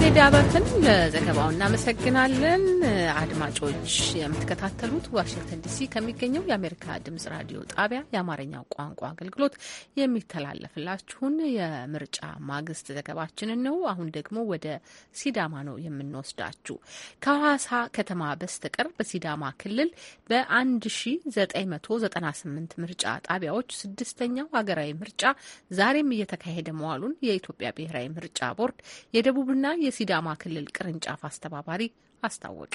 ኬኔዲ አባተን ለዘገባው እናመሰግናለን። አድማጮች የምትከታተሉት ዋሽንግተን ዲሲ ከሚገኘው የአሜሪካ ድምጽ ራዲዮ ጣቢያ የአማርኛው ቋንቋ አገልግሎት የሚተላለፍላችሁን የምርጫ ማግስት ዘገባችንን ነው። አሁን ደግሞ ወደ ሲዳማ ነው የምንወስዳችሁ። ከሐዋሳ ከተማ በስተቀር በሲዳማ ክልል በ1998 ምርጫ ጣቢያዎች ስድስተኛው ሀገራዊ ምርጫ ዛሬም እየተካሄደ መዋሉን የኢትዮጵያ ብሔራዊ ምርጫ ቦርድ የደቡብና የሲዳማ ክልል ቅርንጫፍ አስተባባሪ አስታወቀ።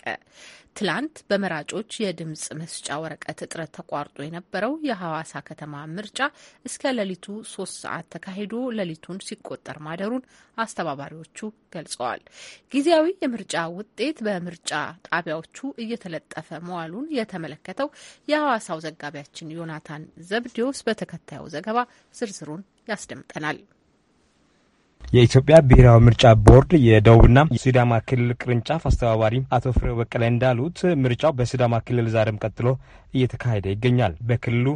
ትላንት በመራጮች የድምፅ መስጫ ወረቀት እጥረት ተቋርጦ የነበረው የሐዋሳ ከተማ ምርጫ እስከ ሌሊቱ ሶስት ሰዓት ተካሂዶ ሌሊቱን ሲቆጠር ማደሩን አስተባባሪዎቹ ገልጸዋል። ጊዜያዊ የምርጫ ውጤት በምርጫ ጣቢያዎቹ እየተለጠፈ መዋሉን የተመለከተው የሐዋሳው ዘጋቢያችን ዮናታን ዘብዲዮስ በተከታዩ ዘገባ ዝርዝሩን ያስደምጠናል። የኢትዮጵያ ብሔራዊ ምርጫ ቦርድ የደቡብና ሲዳማ ክልል ቅርንጫፍ አስተባባሪ አቶ ፍሬው በቀለ እንዳሉት ምርጫው በሲዳማ ክልል ዛሬም ቀጥሎ እየተካሄደ ይገኛል። በክልሉ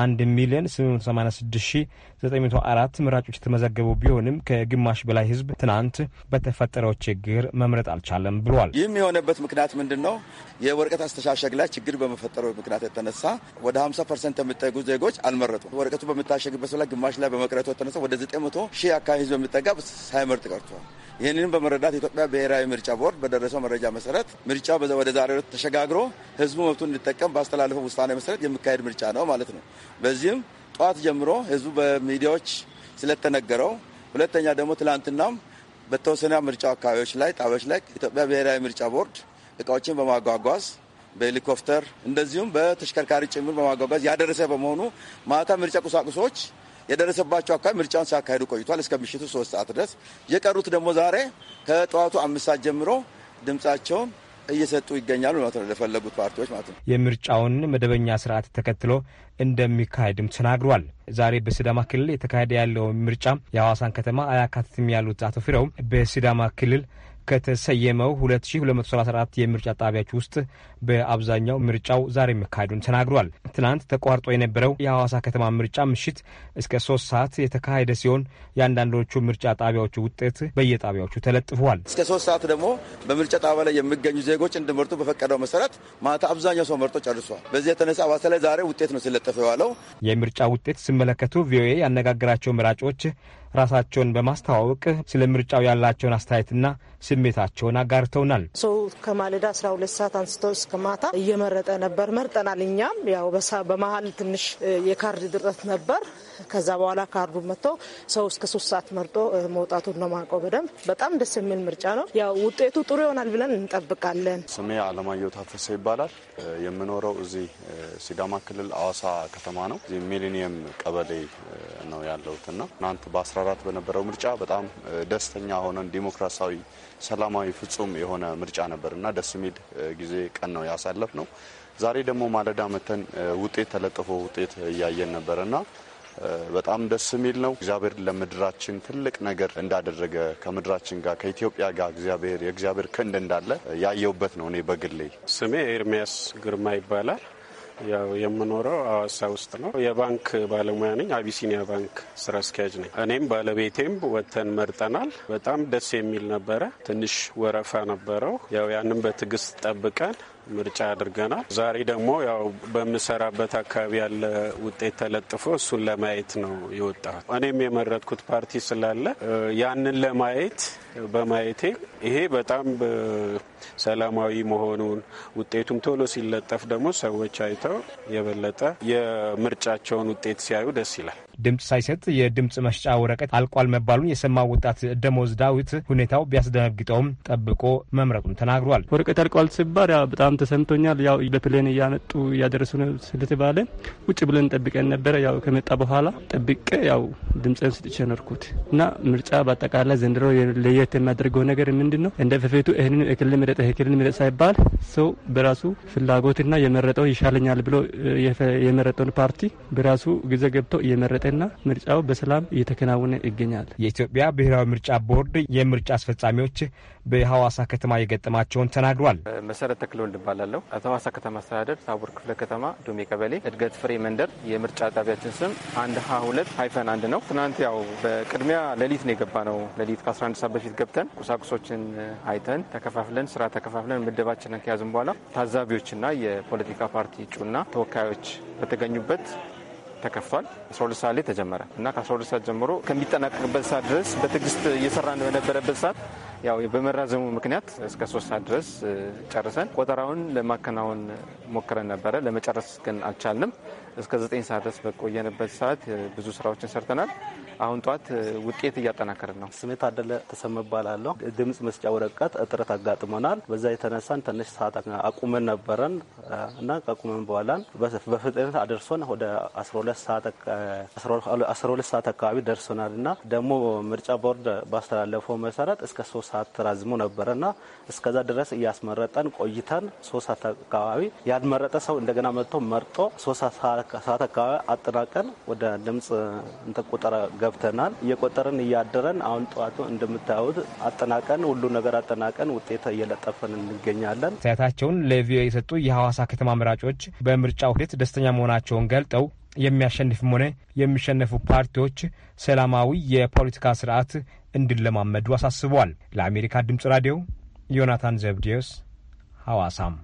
አንድ ሚሊዮን 886904 መራጮች የተመዘገቡ ቢሆንም ከግማሽ በላይ ህዝብ ትናንት በተፈጠረው ችግር መምረጥ አልቻለም ብሏል። ይህም የሆነበት ምክንያት ምንድን ነው? የወረቀት አስተሻሸግ ላይ ችግር በመፈጠረው ምክንያት የተነሳ ወደ 50 ፐርሰንት የሚጠጉ ዜጎች አልመረጡ። ወረቀቱ በምታሸግበት ላይ ግማሽ ላይ በመቅረቱ የተነሳ ወደ 900 ሺህ አካባቢ ህዝብ የሚጠጋ ሳይመርጥ ቀርቷል። ይህንንም በመረዳት የኢትዮጵያ ብሔራዊ ምርጫ ቦርድ በደረሰው መረጃ መሰረት ምርጫው ወደ ዛሬ ተሸጋግሮ ህዝቡ መብቱን እንዲጠቀም ባስተላለፈው ውሳኔ መሰረት የሚካሄድ ምርጫ ነው ማለት ነው። በዚህም ጠዋት ጀምሮ ህዝቡ በሚዲያዎች ስለተነገረው፣ ሁለተኛ ደግሞ ትላንትናም በተወሰነ ምርጫ አካባቢዎች ላይ ጣቢያዎች ላይ ኢትዮጵያ ብሔራዊ ምርጫ ቦርድ እቃዎችን በማጓጓዝ በሄሊኮፕተር እንደዚሁም በተሽከርካሪ ጭምር በማጓጓዝ ያደረሰ በመሆኑ ማታ ምርጫ ቁሳቁሶች የደረሰባቸው አካባቢ ምርጫውን ሲያካሄዱ ቆይቷል እስከ ምሽቱ ሶስት ሰዓት ድረስ። የቀሩት ደግሞ ዛሬ ከጠዋቱ አምስት ሰዓት ጀምሮ ድምጻቸውን እየሰጡ ይገኛሉ ማለት ነው ለፈለጉት ፓርቲዎች ማለት ነው። የምርጫውን መደበኛ ስርዓት ተከትሎ እንደሚካሄድም ተናግሯል። ዛሬ በሲዳማ ክልል የተካሄደ ያለው ምርጫ የሐዋሳን ከተማ አያካትትም ያሉት አቶ ፍሬው በሲዳማ ክልል ከተሰየመው 2234 የምርጫ ጣቢያዎች ውስጥ በአብዛኛው ምርጫው ዛሬ መካሄዱን ተናግሯል። ትናንት ተቋርጦ የነበረው የሐዋሳ ከተማ ምርጫ ምሽት እስከ ሶስት ሰዓት የተካሄደ ሲሆን የአንዳንዶቹ ምርጫ ጣቢያዎቹ ውጤት በየጣቢያዎቹ ተለጥፏል። እስከ ሶስት ሰዓት ደግሞ በምርጫ ጣቢያ ላይ የሚገኙ ዜጎች እንዲመርጡ በፈቀደው መሰረት ማታ አብዛኛው ሰው መርጦ ጨርሷል። በዚህ የተነሳ ሐዋሳ ላይ ዛሬ ውጤት ነው ሲለጠፈ የዋለው። የምርጫ ውጤት ሲመለከቱ ቪኦኤ ያነጋገራቸው መራጮች ራሳቸውን በማስተዋወቅ ስለ ምርጫው ያላቸውን አስተያየትና ስሜታቸውን አጋርተውናል። ሰው ከማለዳ አስራ ሁለት ሰዓት አንስተው እስከ ማታ እየመረጠ ነበር። መርጠናል። እኛም ያው በመሀል ትንሽ የካርድ ድረት ነበር ከዛ በኋላ ካርዱ መጥቶ ሰው እስከ ሶስት ሰዓት መርጦ መውጣቱን ነው ማውቀው። በደንብ በጣም ደስ የሚል ምርጫ ነው። ያው ውጤቱ ጥሩ ይሆናል ብለን እንጠብቃለን። ስሜ አለማየሁ ታፈሰ ይባላል። የምኖረው እዚህ ሲዳማ ክልል አዋሳ ከተማ ነው። እዚህ ሚሊኒየም ቀበሌ ነው ያለሁት እና ትናንት በ14 በነበረው ምርጫ በጣም ደስተኛ ሆነን ዲሞክራሲያዊ፣ ሰላማዊ፣ ፍጹም የሆነ ምርጫ ነበር እና ደስ የሚል ጊዜ ቀን ነው ያሳለፍ ነው። ዛሬ ደግሞ ማለዳ መተን ውጤት ተለጥፎ ውጤት እያየን ነበር እና በጣም ደስ የሚል ነው። እግዚአብሔር ለምድራችን ትልቅ ነገር እንዳደረገ ከምድራችን ጋር ከኢትዮጵያ ጋር እግዚአብሔር የእግዚአብሔር ክንድ እንዳለ ያየውበት ነው። እኔ በግሌ ስሜ ኤርሚያስ ግርማ ይባላል። ያው የምኖረው አዋሳ ውስጥ ነው። የባንክ ባለሙያ ነኝ። አቢሲኒያ ባንክ ስራ አስኪያጅ ነኝ። እኔም ባለቤቴም ወተን መርጠናል። በጣም ደስ የሚል ነበረ። ትንሽ ወረፋ ነበረው። ያው ያንም በትዕግስት ጠብቀን ምርጫ አድርገናል። ዛሬ ደግሞ ያው በምሰራበት አካባቢ ያለ ውጤት ተለጥፎ እሱን ለማየት ነው የወጣሁት። እኔም የመረጥኩት ፓርቲ ስላለ ያንን ለማየት በማየቴ ይሄ በጣም ሰላማዊ መሆኑን ውጤቱም ቶሎ ሲለጠፍ ደግሞ ሰዎች አይተው የበለጠ የምርጫቸውን ውጤት ሲያዩ ደስ ይላል። ድምፅ ሳይሰጥ የድምፅ መስጫ ወረቀት አልቋል መባሉን የሰማ ወጣት ደሞዝ ዳዊት ሁኔታው ቢያስደነግጠውም ጠብቆ መምረጡን ተናግሯል። ወረቀት አልቋል ሲባል ያው በጣም ተሰምቶኛል። ያው በፕሌን እያመጡ እያደረሱ ነው ስለተባለ ውጭ ብለን ጠብቀን ነበረ። ያው ከመጣ በኋላ ጠብቀ ያው ድምፅን ስጥቼ ኖርኩት እና ምርጫ በአጠቃላይ ዘንድሮ ለየት የሚያደርገው ነገር ምንድን ነው? እንደ በፊቱ ይህንን እክልም ምረጥ ህክልን ምረጥ ሳይባል ሰው በራሱ ፍላጎትና የመረጠው ይሻለኛል ብሎ የመረጠውን ፓርቲ በራሱ ጊዜ ገብቶ እየመረጠና ምርጫው በሰላም እየተከናወነ ይገኛል። የኢትዮጵያ ብሔራዊ ምርጫ ቦርድ የምርጫ አስፈጻሚዎች በሐዋሳ ከተማ የገጠማቸውን ተናግሯል። መሰረት ተክሎ እንድባላለሁ ሐዋሳ ከተማ አስተዳደር ታቦር ክፍለ ከተማ ዱሜ ቀበሌ እድገት ፍሬ መንደር የምርጫ ጣቢያችን ስም አንድ ሀ ሁለት ሀይፈን አንድ ነው። ትናንት ያው በቅድሚያ ሌሊት ነው የገባ ነው። ሌሊት ከ11 ሰዓት በፊት ገብተን ቁሳቁሶችን አይተን ተከፋፍለን ስራ ተከፋፍለን ምደባችንን ከያዝን በኋላ ታዛቢዎችና የፖለቲካ ፓርቲ እጩና ተወካዮች በተገኙበት ተከፋል። 12 ሰዓት ላይ ተጀመረ እና ከ12 ሰዓት ጀምሮ ከሚጠናቀቅበት ሰዓት ድረስ በትዕግስት እየሰራ በነበረበት ሰዓት ያው በመራዘሙ ምክንያት እስከ ሶስት ሰዓት ድረስ ጨርሰን ቆጠራውን ለማከናወን ሞክረን ነበረ። ለመጨረስ ግን አልቻልንም። እስከ ዘጠኝ ሰዓት ድረስ በቆየንበት ሰዓት ብዙ ስራዎችን ሰርተናል። አሁን ጠዋት ውጤት እያጠናከርን ነው። ስሜት አደለ ተሰማ እባላለሁ። ድምጽ መስጫ ወረቀት እጥረት አጋጥሞናል። በዛ የተነሳን ትንሽ ሰዓት አቁመን ነበረን እና ከቁመን በኋላ በፍጥነት አደርሶን ወደ 12 ሰዓት አካባቢ ደርሶናል እና ደግሞ ምርጫ ቦርድ ባስተላለፈው መሰረት እስከ ሶስት ሰዓት ተራዝሞ ነበረና እስከዛ ድረስ እያስመረጠን ቆይተን ሶስት ሰዓት አካባቢ ያልመረጠ ሰው እንደገና መጥቶ መርጦ ሶስት ሰዓት አካባቢ አጠናቀን ወደ ድምጽ እንተቆጠረ ገብተናል። እየቆጠርን እያደረን አሁን ጠዋቱ እንደምታዩት አጠናቀን ሁሉ ነገር አጠናቀን ውጤት እየለጠፈን እንገኛለን። አስተያየታቸውን ለቪኦኤ የሰጡ የሐዋሳ ከተማ መራጮች በምርጫው ሂደት ደስተኛ መሆናቸውን ገልጠው የሚያሸንፍም ሆነ የሚሸነፉ ፓርቲዎች ሰላማዊ የፖለቲካ ስርዓት እንዲለማመዱ አሳስቧል። ለአሜሪካ ድምፅ ራዲዮ ዮናታን ዘብዴዎስ ሐዋሳም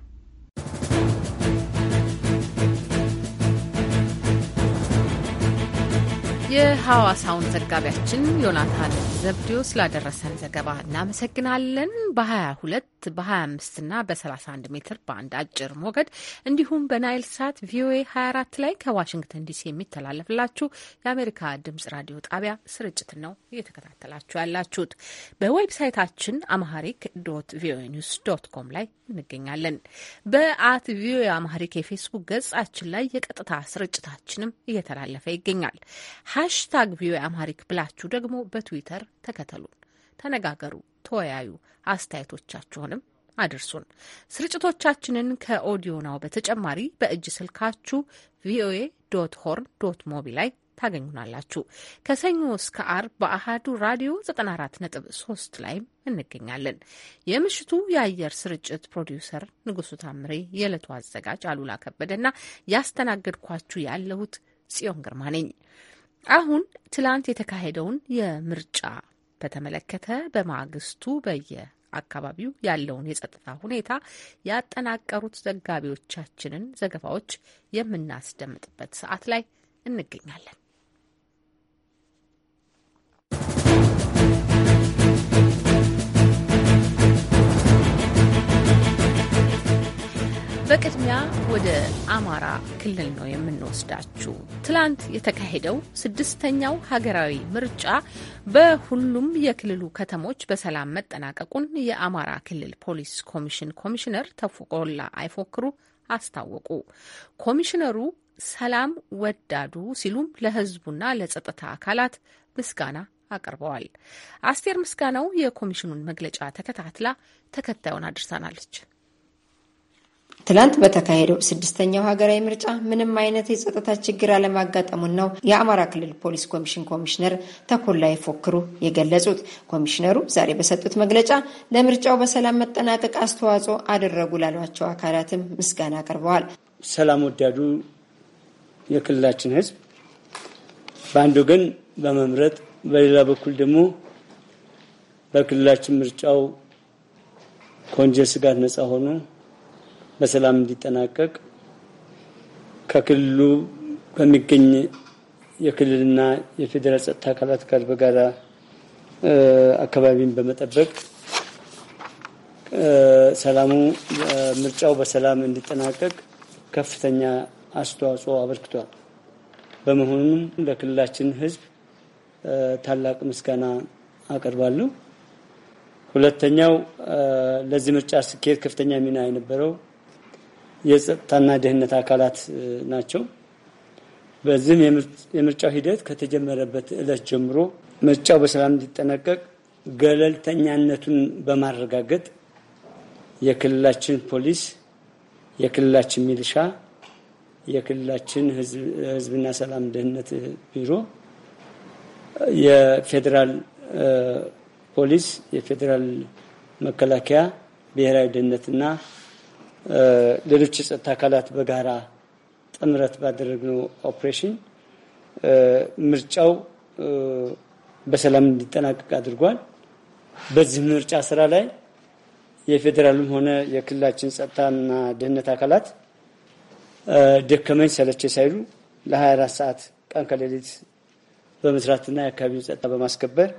የሐዋሳውን ዘጋቢያችን ዮናታን ዘብዲዮ ስላደረሰን ዘገባ እናመሰግናለን። በ22 በ25 እና በ31 ሜትር በአንድ አጭር ሞገድ እንዲሁም በናይል ሳት ቪኦኤ 24 ላይ ከዋሽንግተን ዲሲ የሚተላለፍላችሁ የአሜሪካ ድምጽ ራዲዮ ጣቢያ ስርጭት ነው እየተከታተላችሁ ያላችሁት። በዌብሳይታችን አማሪክ ዶት ቪኦኤ ኒውስ ዶት ኮም ላይ እንገኛለን። በአት ቪኦኤ አማሪክ የፌስቡክ ገጻችን ላይ የቀጥታ ስርጭታችንም እየተላለፈ ይገኛል። ሃሽታግ ቪኦኤ አማሪክ ብላችሁ ደግሞ በትዊተር ተከተሉን፣ ተነጋገሩ፣ ተወያዩ። አስተያየቶቻችሁንም አድርሱን። ስርጭቶቻችንን ከኦዲዮ ናው በተጨማሪ በእጅ ስልካችሁ ቪኦኤ ዶት ሆርን ዶት ሞቢ ላይ ታገኙናላችሁ። ከሰኞ እስከ አርብ በአሃዱ ራዲዮ 94.3 ላይም እንገኛለን። የምሽቱ የአየር ስርጭት ፕሮዲውሰር ንጉሱ ታምሬ፣ የዕለቱ አዘጋጅ አሉላ ከበደና ያስተናገድኳችሁ ያለሁት ጽዮን ግርማ ነኝ። አሁን ትላንት የተካሄደውን የምርጫ በተመለከተ በማግስቱ በየአካባቢው ያለውን የጸጥታ ሁኔታ ያጠናቀሩት ዘጋቢዎቻችንን ዘገባዎች የምናስደምጥበት ሰዓት ላይ እንገኛለን። በቅድሚያ ወደ አማራ ክልል ነው የምንወስዳችሁ። ትላንት የተካሄደው ስድስተኛው ሀገራዊ ምርጫ በሁሉም የክልሉ ከተሞች በሰላም መጠናቀቁን የአማራ ክልል ፖሊስ ኮሚሽን ኮሚሽነር ተፎቆላ አይፎክሩ አስታወቁ። ኮሚሽነሩ ሰላም ወዳዱ ሲሉም ለሕዝቡና ለጸጥታ አካላት ምስጋና አቅርበዋል። አስቴር ምስጋናው የኮሚሽኑን መግለጫ ተከታትላ ተከታዩን አድርሳናለች። ትላንት በተካሄደው ስድስተኛው ሀገራዊ ምርጫ ምንም አይነት የጸጥታ ችግር አለማጋጠሙን ነው የአማራ ክልል ፖሊስ ኮሚሽን ኮሚሽነር ተኮላ ይፎክሩ የገለጹት። ኮሚሽነሩ ዛሬ በሰጡት መግለጫ ለምርጫው በሰላም መጠናቀቅ አስተዋጽኦ አደረጉ ላሏቸው አካላትም ምስጋና አቅርበዋል። ሰላም ወዳዱ የክልላችን ሕዝብ በአንድ ወገን በመምረጥ በሌላ በኩል ደግሞ በክልላችን ምርጫው ከወንጀል ስጋት ነጻ ሆኖ በሰላም እንዲጠናቀቅ ከክልሉ በሚገኝ የክልልና የፌዴራል ጸጥታ አካላት ጋር በጋራ አካባቢን በመጠበቅ ሰላሙ ምርጫው በሰላም እንዲጠናቀቅ ከፍተኛ አስተዋጽኦ አበርክቷል። በመሆኑም ለክልላችን ሕዝብ ታላቅ ምስጋና አቀርባለሁ። ሁለተኛው ለዚህ ምርጫ ስኬት ከፍተኛ ሚና የነበረው የጸጥታና ደህንነት አካላት ናቸው። በዚህም የምርጫው ሂደት ከተጀመረበት ዕለት ጀምሮ ምርጫው በሰላም እንዲጠናቀቅ ገለልተኛነቱን በማረጋገጥ የክልላችን ፖሊስ፣ የክልላችን ሚሊሻ፣ የክልላችን ሕዝብና ሰላም ደህንነት ቢሮ፣ የፌዴራል ፖሊስ፣ የፌዴራል መከላከያ፣ ብሔራዊ ደህንነትና ሌሎች የጸጥታ አካላት በጋራ ጥምረት ባደረግነው ኦፕሬሽን ምርጫው በሰላም እንዲጠናቀቅ አድርጓል። በዚህ ምርጫ ስራ ላይ የፌዴራልም ሆነ የክልላችን ጸጥታና ደህንነት አካላት ደከመኝ ሰለቼ ሳይሉ ለ24 ሰዓት ቀን ከሌሊት በመስራትና የአካባቢውን ጸጥታ በማስከበር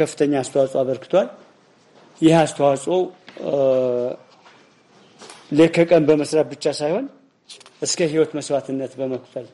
ከፍተኛ አስተዋጽኦ አበርክቷል። ይህ አስተዋጽኦ ሌት ከቀን በመስራት ብቻ ሳይሆን እስከ ህይወት መስዋዕትነት በመክፈል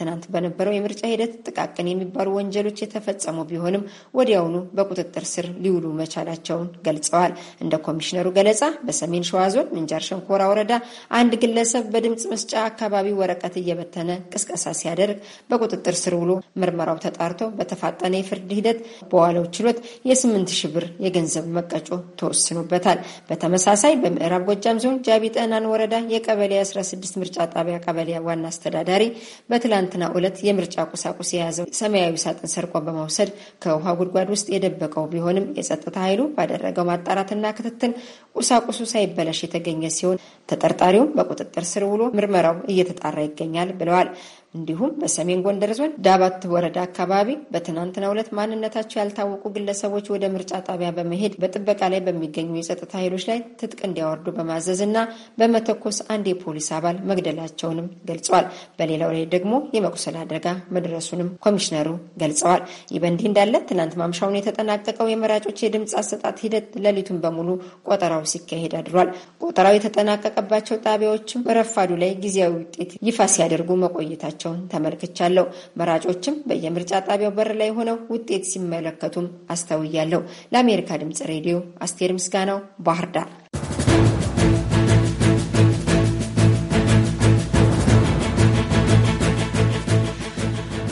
ትናንት በነበረው የምርጫ ሂደት ጥቃቅን የሚባሉ ወንጀሎች የተፈጸሙ ቢሆንም ወዲያውኑ በቁጥጥር ስር ሊውሉ መቻላቸውን ገልጸዋል። እንደ ኮሚሽነሩ ገለጻ በሰሜን ሸዋ ዞን ምንጃር ሸንኮራ ወረዳ አንድ ግለሰብ በድምፅ መስጫ አካባቢ ወረቀት እየበተነ ቅስቀሳ ሲያደርግ በቁጥጥር ስር ውሎ ምርመራው ተጣርቶ በተፋጠነ የፍርድ ሂደት በዋለው ችሎት የስምንት ሺህ ብር የገንዘብ መቀጮ ተወስኖበታል። በተመሳሳይ በምዕራብ ጎጃም ዞን ጃቢ ጠህናን ወረዳ የቀበሌ 16 ምርጫ ጣቢያ ቀበሌ ዋና አስተዳዳሪ በትላንት በትናንትናው ዕለት የምርጫ ቁሳቁስ የያዘው ሰማያዊ ሳጥን ሰርቆ በመውሰድ ከውሃ ጉድጓድ ውስጥ የደበቀው ቢሆንም የጸጥታ ኃይሉ ባደረገው ማጣራትና ክትትል ቁሳቁሱ ሳይበላሽ የተገኘ ሲሆን ተጠርጣሪውም በቁጥጥር ስር ውሎ ምርመራው እየተጣራ ይገኛል ብለዋል። እንዲሁም በሰሜን ጎንደር ዞን ዳባት ወረዳ አካባቢ በትናንትናው ዕለት ማንነታቸው ያልታወቁ ግለሰቦች ወደ ምርጫ ጣቢያ በመሄድ በጥበቃ ላይ በሚገኙ የጸጥታ ኃይሎች ላይ ትጥቅ እንዲያወርዱ በማዘዝ እና በመተኮስ አንድ የፖሊስ አባል መግደላቸውንም ገልጸዋል። በሌላው ላይ ደግሞ የመቁሰል አደጋ መድረሱንም ኮሚሽነሩ ገልጸዋል። ይህ በእንዲህ እንዳለ ትናንት ማምሻውን የተጠናቀቀው የመራጮች የድምፅ አሰጣጥ ሂደት ሌሊቱን በሙሉ ቆጠራው ሲካሄድ አድሯል። ቆጠራው የተጠናቀቀባቸው ጣቢያዎችም ረፋዱ ላይ ጊዜያዊ ውጤት ይፋ ሲያደርጉ መቆየታቸው መሆናቸውን ተመልክቻለሁ። መራጮችም በየምርጫ ጣቢያው በር ላይ ሆነው ውጤት ሲመለከቱም አስተውያለሁ። ለአሜሪካ ድምጽ ሬዲዮ አስቴር ምስጋናው ባህር ዳር።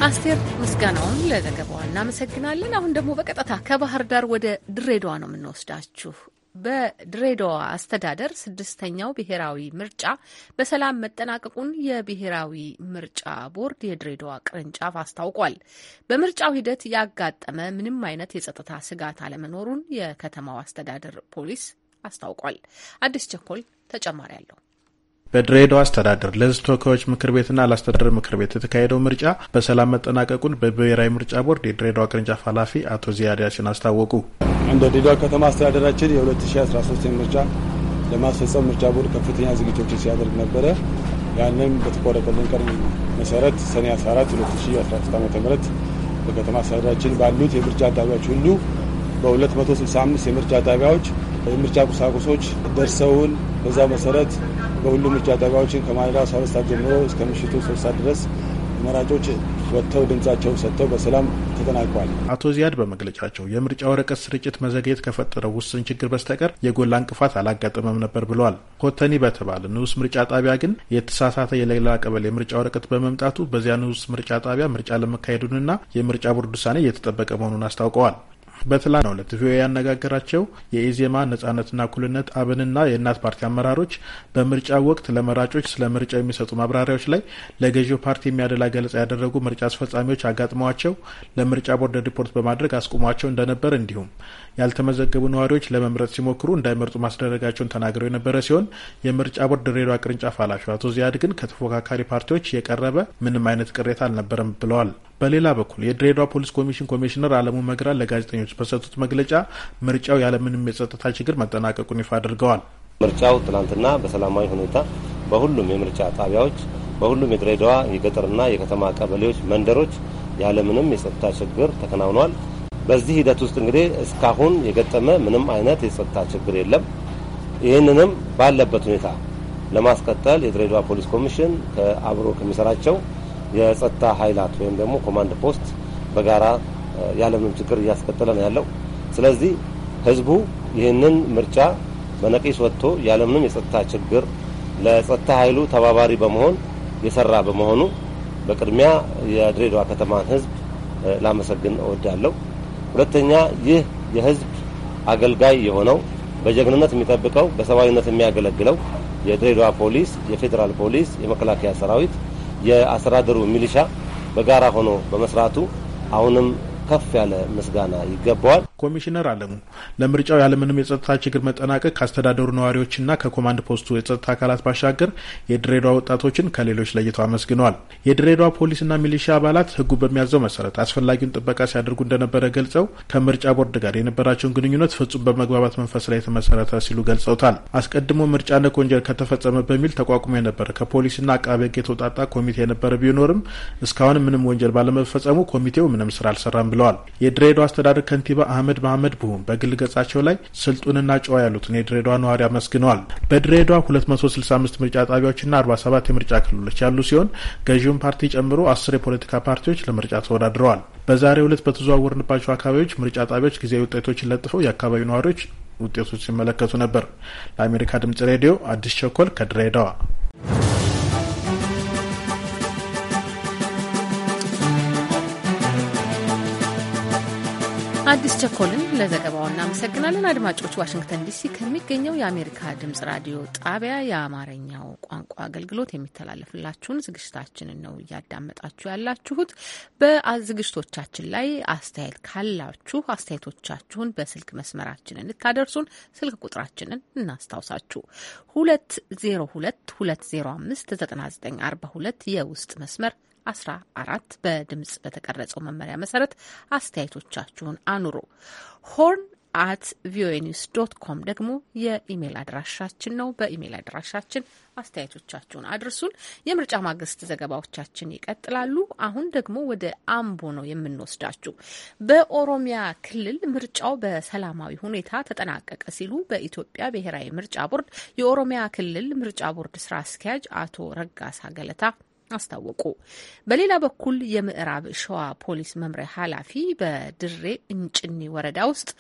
አስቴር ምስጋናውን ለዘገባዋ እናመሰግናለን። አሁን ደግሞ በቀጥታ ከባህር ዳር ወደ ድሬዳዋ ነው የምንወስዳችሁ። በድሬዳዋ አስተዳደር ስድስተኛው ብሔራዊ ምርጫ በሰላም መጠናቀቁን የብሔራዊ ምርጫ ቦርድ የድሬዳዋ ቅርንጫፍ አስታውቋል። በምርጫው ሂደት ያጋጠመ ምንም አይነት የጸጥታ ስጋት አለመኖሩን የከተማው አስተዳደር ፖሊስ አስታውቋል። አዲስ ቸኮል ተጨማሪ አለው። በድሬዳዋ አስተዳደር ለሕዝብ ተወካዮች ምክር ቤትና ለአስተዳደር ምክር ቤት የተካሄደው ምርጫ በሰላም መጠናቀቁን በብሔራዊ ምርጫ ቦርድ የድሬዳዋ ቅርንጫፍ ኃላፊ አቶ ዚያድ ያሲን አስታወቁ። እንደ ድሬዳዋ ከተማ አስተዳደራችን የ2013 ምርጫ ለማስፈጸም ምርጫ ቦርድ ከፍተኛ ዝግጅቶችን ሲያደርግ ነበረ። ያንም በተቆረጠልን ቀን መሰረት ሰኔ 14 2013 ዓ ም በከተማ አስተዳደራችን ባሉት የምርጫ ጣቢያዎች ሁሉ በ265 የምርጫ ጣቢያዎች የምርጫ ቁሳቁሶች ደርሰውን በዛ መሰረት በሁሉም ምርጫ ጣቢያዎችን ከማለዳ 12 ሰዓት ጀምሮ እስከ ምሽቱ 3 ሰዓት ድረስ መራጮች ወጥተው ድምጻቸውን ሰጥተው በሰላም ተጠናቋል። አቶ ዚያድ በመግለጫቸው የምርጫ ወረቀት ስርጭት መዘግየት ከፈጠረው ውስን ችግር በስተቀር የጎላ እንቅፋት አላጋጠመም ነበር ብለዋል። ኮተኒ በተባለ ንዑስ ምርጫ ጣቢያ ግን የተሳሳተ የሌላ ቀበሌ የምርጫ ወረቀት በመምጣቱ በዚያ ንዑስ ምርጫ ጣቢያ ምርጫ ለመካሄዱንና የምርጫ ቦርድ ውሳኔ እየተጠበቀ መሆኑን አስታውቀዋል። በትላንትና ነው ቪኦኤ ያነጋገራቸው የኢዜማ ነጻነትና እኩልነት አብንና የእናት ፓርቲ አመራሮች በምርጫ ወቅት ለመራጮች ስለ ምርጫ የሚሰጡ ማብራሪያዎች ላይ ለገዢው ፓርቲ የሚያደላ ገለጻ ያደረጉ ምርጫ አስፈጻሚዎች አጋጥመዋቸው ለምርጫ ቦርድ ሪፖርት በማድረግ አስቁሟቸው እንደነበር እንዲሁም ያልተመዘገቡ ነዋሪዎች ለመምረጥ ሲሞክሩ እንዳይመርጡ ማስደረጋቸውን ተናግረው የነበረ ሲሆን የምርጫ ቦርድ ድሬዳዋ ቅርንጫፍ ኃላፊው አቶ ዚያድ ግን ከተፎካካሪ ፓርቲዎች የቀረበ ምንም አይነት ቅሬታ አልነበረም ብለዋል። በሌላ በኩል የድሬዳዋ ፖሊስ ኮሚሽን ኮሚሽነር አለሙ መግራ ለጋዜጠኞች በሰጡት መግለጫ ምርጫው ያለምንም የጸጥታ ችግር መጠናቀቁን ይፋ አድርገዋል። ምርጫው ትናንትና በሰላማዊ ሁኔታ በሁሉም የምርጫ ጣቢያዎች በሁሉም የድሬዳዋ የገጠርና የከተማ ቀበሌዎች፣ መንደሮች ያለምንም የጸጥታ ችግር ተከናውኗል። በዚህ ሂደት ውስጥ እንግዲህ እስካሁን የገጠመ ምንም አይነት የጸጥታ ችግር የለም። ይህንንም ባለበት ሁኔታ ለማስቀጠል የድሬዳዋ ፖሊስ ኮሚሽን አብሮ ከሚሰራቸው የጸጥታ ኃይላት ወይም ደግሞ ኮማንድ ፖስት በጋራ ያለምንም ችግር እያስቀጠለ ነው ያለው። ስለዚህ ህዝቡ ይህንን ምርጫ በነቂስ ወጥቶ ያለምንም የጸጥታ ችግር ለጸጥታ ኃይሉ ተባባሪ በመሆን የሰራ በመሆኑ በቅድሚያ የድሬዳዋ ከተማን ህዝብ ላመሰግን እወዳለሁ። ሁለተኛ ይህ የህዝብ አገልጋይ የሆነው በጀግንነት የሚጠብቀው በሰብአዊነት የሚያገለግለው የድሬዳዋ ፖሊስ፣ የፌዴራል ፖሊስ፣ የመከላከያ ሰራዊት፣ የአስተዳደሩ ሚሊሻ በጋራ ሆኖ በመስራቱ አሁንም ከፍ ያለ ምስጋና ይገባዋል። ኮሚሽነር አለሙ ለምርጫው ያለምንም የጸጥታ ችግር መጠናቀቅ ከአስተዳደሩ ነዋሪዎችና ከኮማንድ ፖስቱ የጸጥታ አካላት ባሻገር የድሬዳዋ ወጣቶችን ከሌሎች ለይተው አመስግነዋል። የድሬዳዋ ፖሊስና ሚሊሻ አባላት ህጉ በሚያዘው መሰረት አስፈላጊውን ጥበቃ ሲያደርጉ እንደነበረ ገልጸው ከምርጫ ቦርድ ጋር የነበራቸውን ግንኙነት ፍጹም በመግባባት መንፈስ ላይ የተመሰረተ ሲሉ ገልጸውታል። አስቀድሞ ምርጫ ነክ ወንጀል ከተፈጸመ በሚል ተቋቁሞ የነበረ ከፖሊስና አቃቤ ህግ የተውጣጣ ኮሚቴ የነበረ ቢኖርም እስካሁን ምንም ወንጀል ባለመፈጸሙ ኮሚቴው ምንም ስራ አልሰራም ብለዋል። የድሬዳዋ አስተዳደር ከንቲባ አህመድ መሀመድ ቡሁም በግ በግል ገጻቸው ላይ ስልጡንና ጨዋ ያሉትን የድሬዳዋ ነዋሪ አመስግነዋል። በድሬዳዋ 265 ምርጫ ጣቢያዎችና 47 የምርጫ ክልሎች ያሉ ሲሆን ገዢውን ፓርቲ ጨምሮ አስር የፖለቲካ ፓርቲዎች ለምርጫ ተወዳድረዋል። በዛሬው ዕለት በተዘዋወርንባቸው አካባቢዎች ምርጫ ጣቢያዎች ጊዜያዊ ውጤቶችን ለጥፈው የአካባቢው ነዋሪዎች ውጤቶች ሲመለከቱ ነበር። ለአሜሪካ ድምጽ ሬዲዮ አዲስ ቸኮል ከድሬዳዋ አዲስ ቸኮልን ለዘገባው እናመሰግናለን። አድማጮች፣ ዋሽንግተን ዲሲ ከሚገኘው የአሜሪካ ድምጽ ራዲዮ ጣቢያ የአማርኛው ቋንቋ አገልግሎት የሚተላለፍላችሁን ዝግጅታችንን ነው እያዳመጣችሁ ያላችሁት። በዝግጅቶቻችን ላይ አስተያየት ካላችሁ አስተያየቶቻችሁን በስልክ መስመራችን እንታደርሱን ስልክ ቁጥራችንን እናስታውሳችሁ። ሁለት ዜሮ ሁለት ሁለት ዜሮ አምስት ዘጠና ዘጠኝ አርባ ሁለት የውስጥ መስመር 14 በድምጽ በተቀረጸው መመሪያ መሰረት አስተያየቶቻችሁን አኑሩ። ሆርን አት ቪኦኤ ኒውስ ዶት ኮም ደግሞ የኢሜል አድራሻችን ነው። በኢሜል አድራሻችን አስተያየቶቻችሁን አድርሱን። የምርጫ ማግስት ዘገባዎቻችን ይቀጥላሉ። አሁን ደግሞ ወደ አምቦ ነው የምንወስዳችሁ። በኦሮሚያ ክልል ምርጫው በሰላማዊ ሁኔታ ተጠናቀቀ ሲሉ በኢትዮጵያ ብሔራዊ ምርጫ ቦርድ የኦሮሚያ ክልል ምርጫ ቦርድ ስራ አስኪያጅ አቶ ረጋሳ ገለታ አስታወቁ። በሌላ በኩል የምዕራብ ሸዋ ፖሊስ መምሪያ ኃላፊ በድሬ እንጭኒ ወረዳ ውስጥ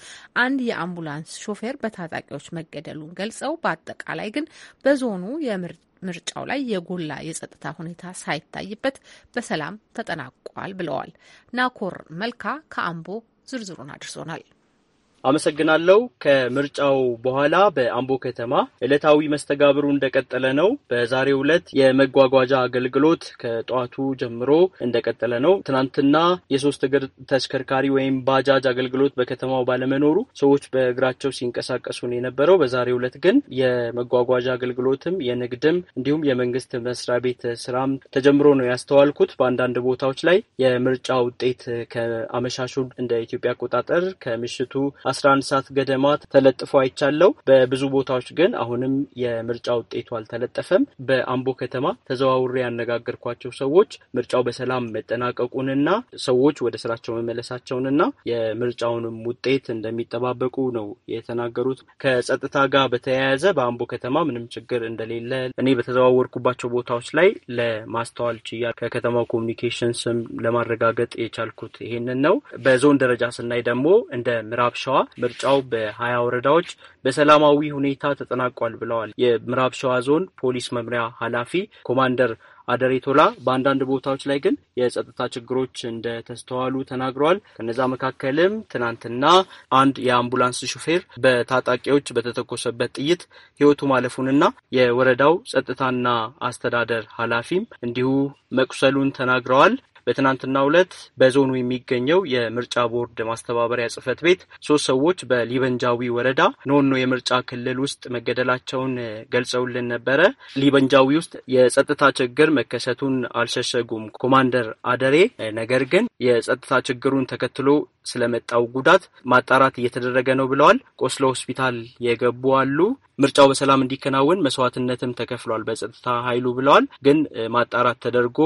አንድ የአምቡላንስ ሾፌር በታጣቂዎች መገደሉን ገልጸው በአጠቃላይ ግን በዞኑ ምርጫው ላይ የጎላ የጸጥታ ሁኔታ ሳይታይበት በሰላም ተጠናቋል ብለዋል። ናኮር መልካ ከአምቦ ዝርዝሩን አድርሶናል። አመሰግናለሁ። ከምርጫው በኋላ በአምቦ ከተማ ዕለታዊ መስተጋብሩ እንደቀጠለ ነው። በዛሬው ዕለት የመጓጓዣ አገልግሎት ከጠዋቱ ጀምሮ እንደቀጠለ ነው። ትናንትና የሶስት እግር ተሽከርካሪ ወይም ባጃጅ አገልግሎት በከተማው ባለመኖሩ ሰዎች በእግራቸው ሲንቀሳቀሱ ነው የነበረው። በዛሬው ዕለት ግን የመጓጓዣ አገልግሎትም የንግድም እንዲሁም የመንግስት መስሪያ ቤት ስራም ተጀምሮ ነው ያስተዋልኩት። በአንዳንድ ቦታዎች ላይ የምርጫ ውጤት ከአመሻሹ እንደ ኢትዮጵያ አቆጣጠር ከምሽቱ 11 ሰዓት ገደማ ተለጥፎ አይቻለው። በብዙ ቦታዎች ግን አሁንም የምርጫ ውጤቱ አልተለጠፈም። በአምቦ ከተማ ተዘዋውሬ ያነጋገርኳቸው ሰዎች ምርጫው በሰላም መጠናቀቁንና ሰዎች ወደ ስራቸው መመለሳቸውንና የምርጫውንም ውጤት እንደሚጠባበቁ ነው የተናገሩት። ከጸጥታ ጋር በተያያዘ በአምቦ ከተማ ምንም ችግር እንደሌለ እኔ በተዘዋወርኩባቸው ቦታዎች ላይ ለማስተዋል ችያ ከከተማው ኮሚኒኬሽን ስም ለማረጋገጥ የቻልኩት ይሄንን ነው። በዞን ደረጃ ስናይ ደግሞ እንደ ምዕራብ ሸዋ ሸዋ ምርጫው በሀያ ወረዳዎች በሰላማዊ ሁኔታ ተጠናቋል ብለዋል። የምዕራብ ሸዋ ዞን ፖሊስ መምሪያ ኃላፊ ኮማንደር አደሬቶላ በአንዳንድ ቦታዎች ላይ ግን የጸጥታ ችግሮች እንደተስተዋሉ ተናግረዋል። ከነዛ መካከልም ትናንትና አንድ የአምቡላንስ ሹፌር በታጣቂዎች በተተኮሰበት ጥይት ሕይወቱ ማለፉንና የወረዳው ጸጥታና አስተዳደር ኃላፊም እንዲሁ መቁሰሉን ተናግረዋል። በትናንትናው ዕለት በዞኑ የሚገኘው የምርጫ ቦርድ ማስተባበሪያ ጽህፈት ቤት ሶስት ሰዎች በሊበንጃዊ ወረዳ ኖኖ የምርጫ ክልል ውስጥ መገደላቸውን ገልጸውልን ነበረ። ሊበንጃዊ ውስጥ የጸጥታ ችግር መከሰቱን አልሸሸጉም ኮማንደር አደሬ። ነገር ግን የጸጥታ ችግሩን ተከትሎ ስለመጣው ጉዳት ማጣራት እየተደረገ ነው ብለዋል። ቆስሎ ሆስፒታል የገቡ አሉ። ምርጫው በሰላም እንዲከናወን መስዋዕትነትም ተከፍሏል በጸጥታ ኃይሉ ብለዋል። ግን ማጣራት ተደርጎ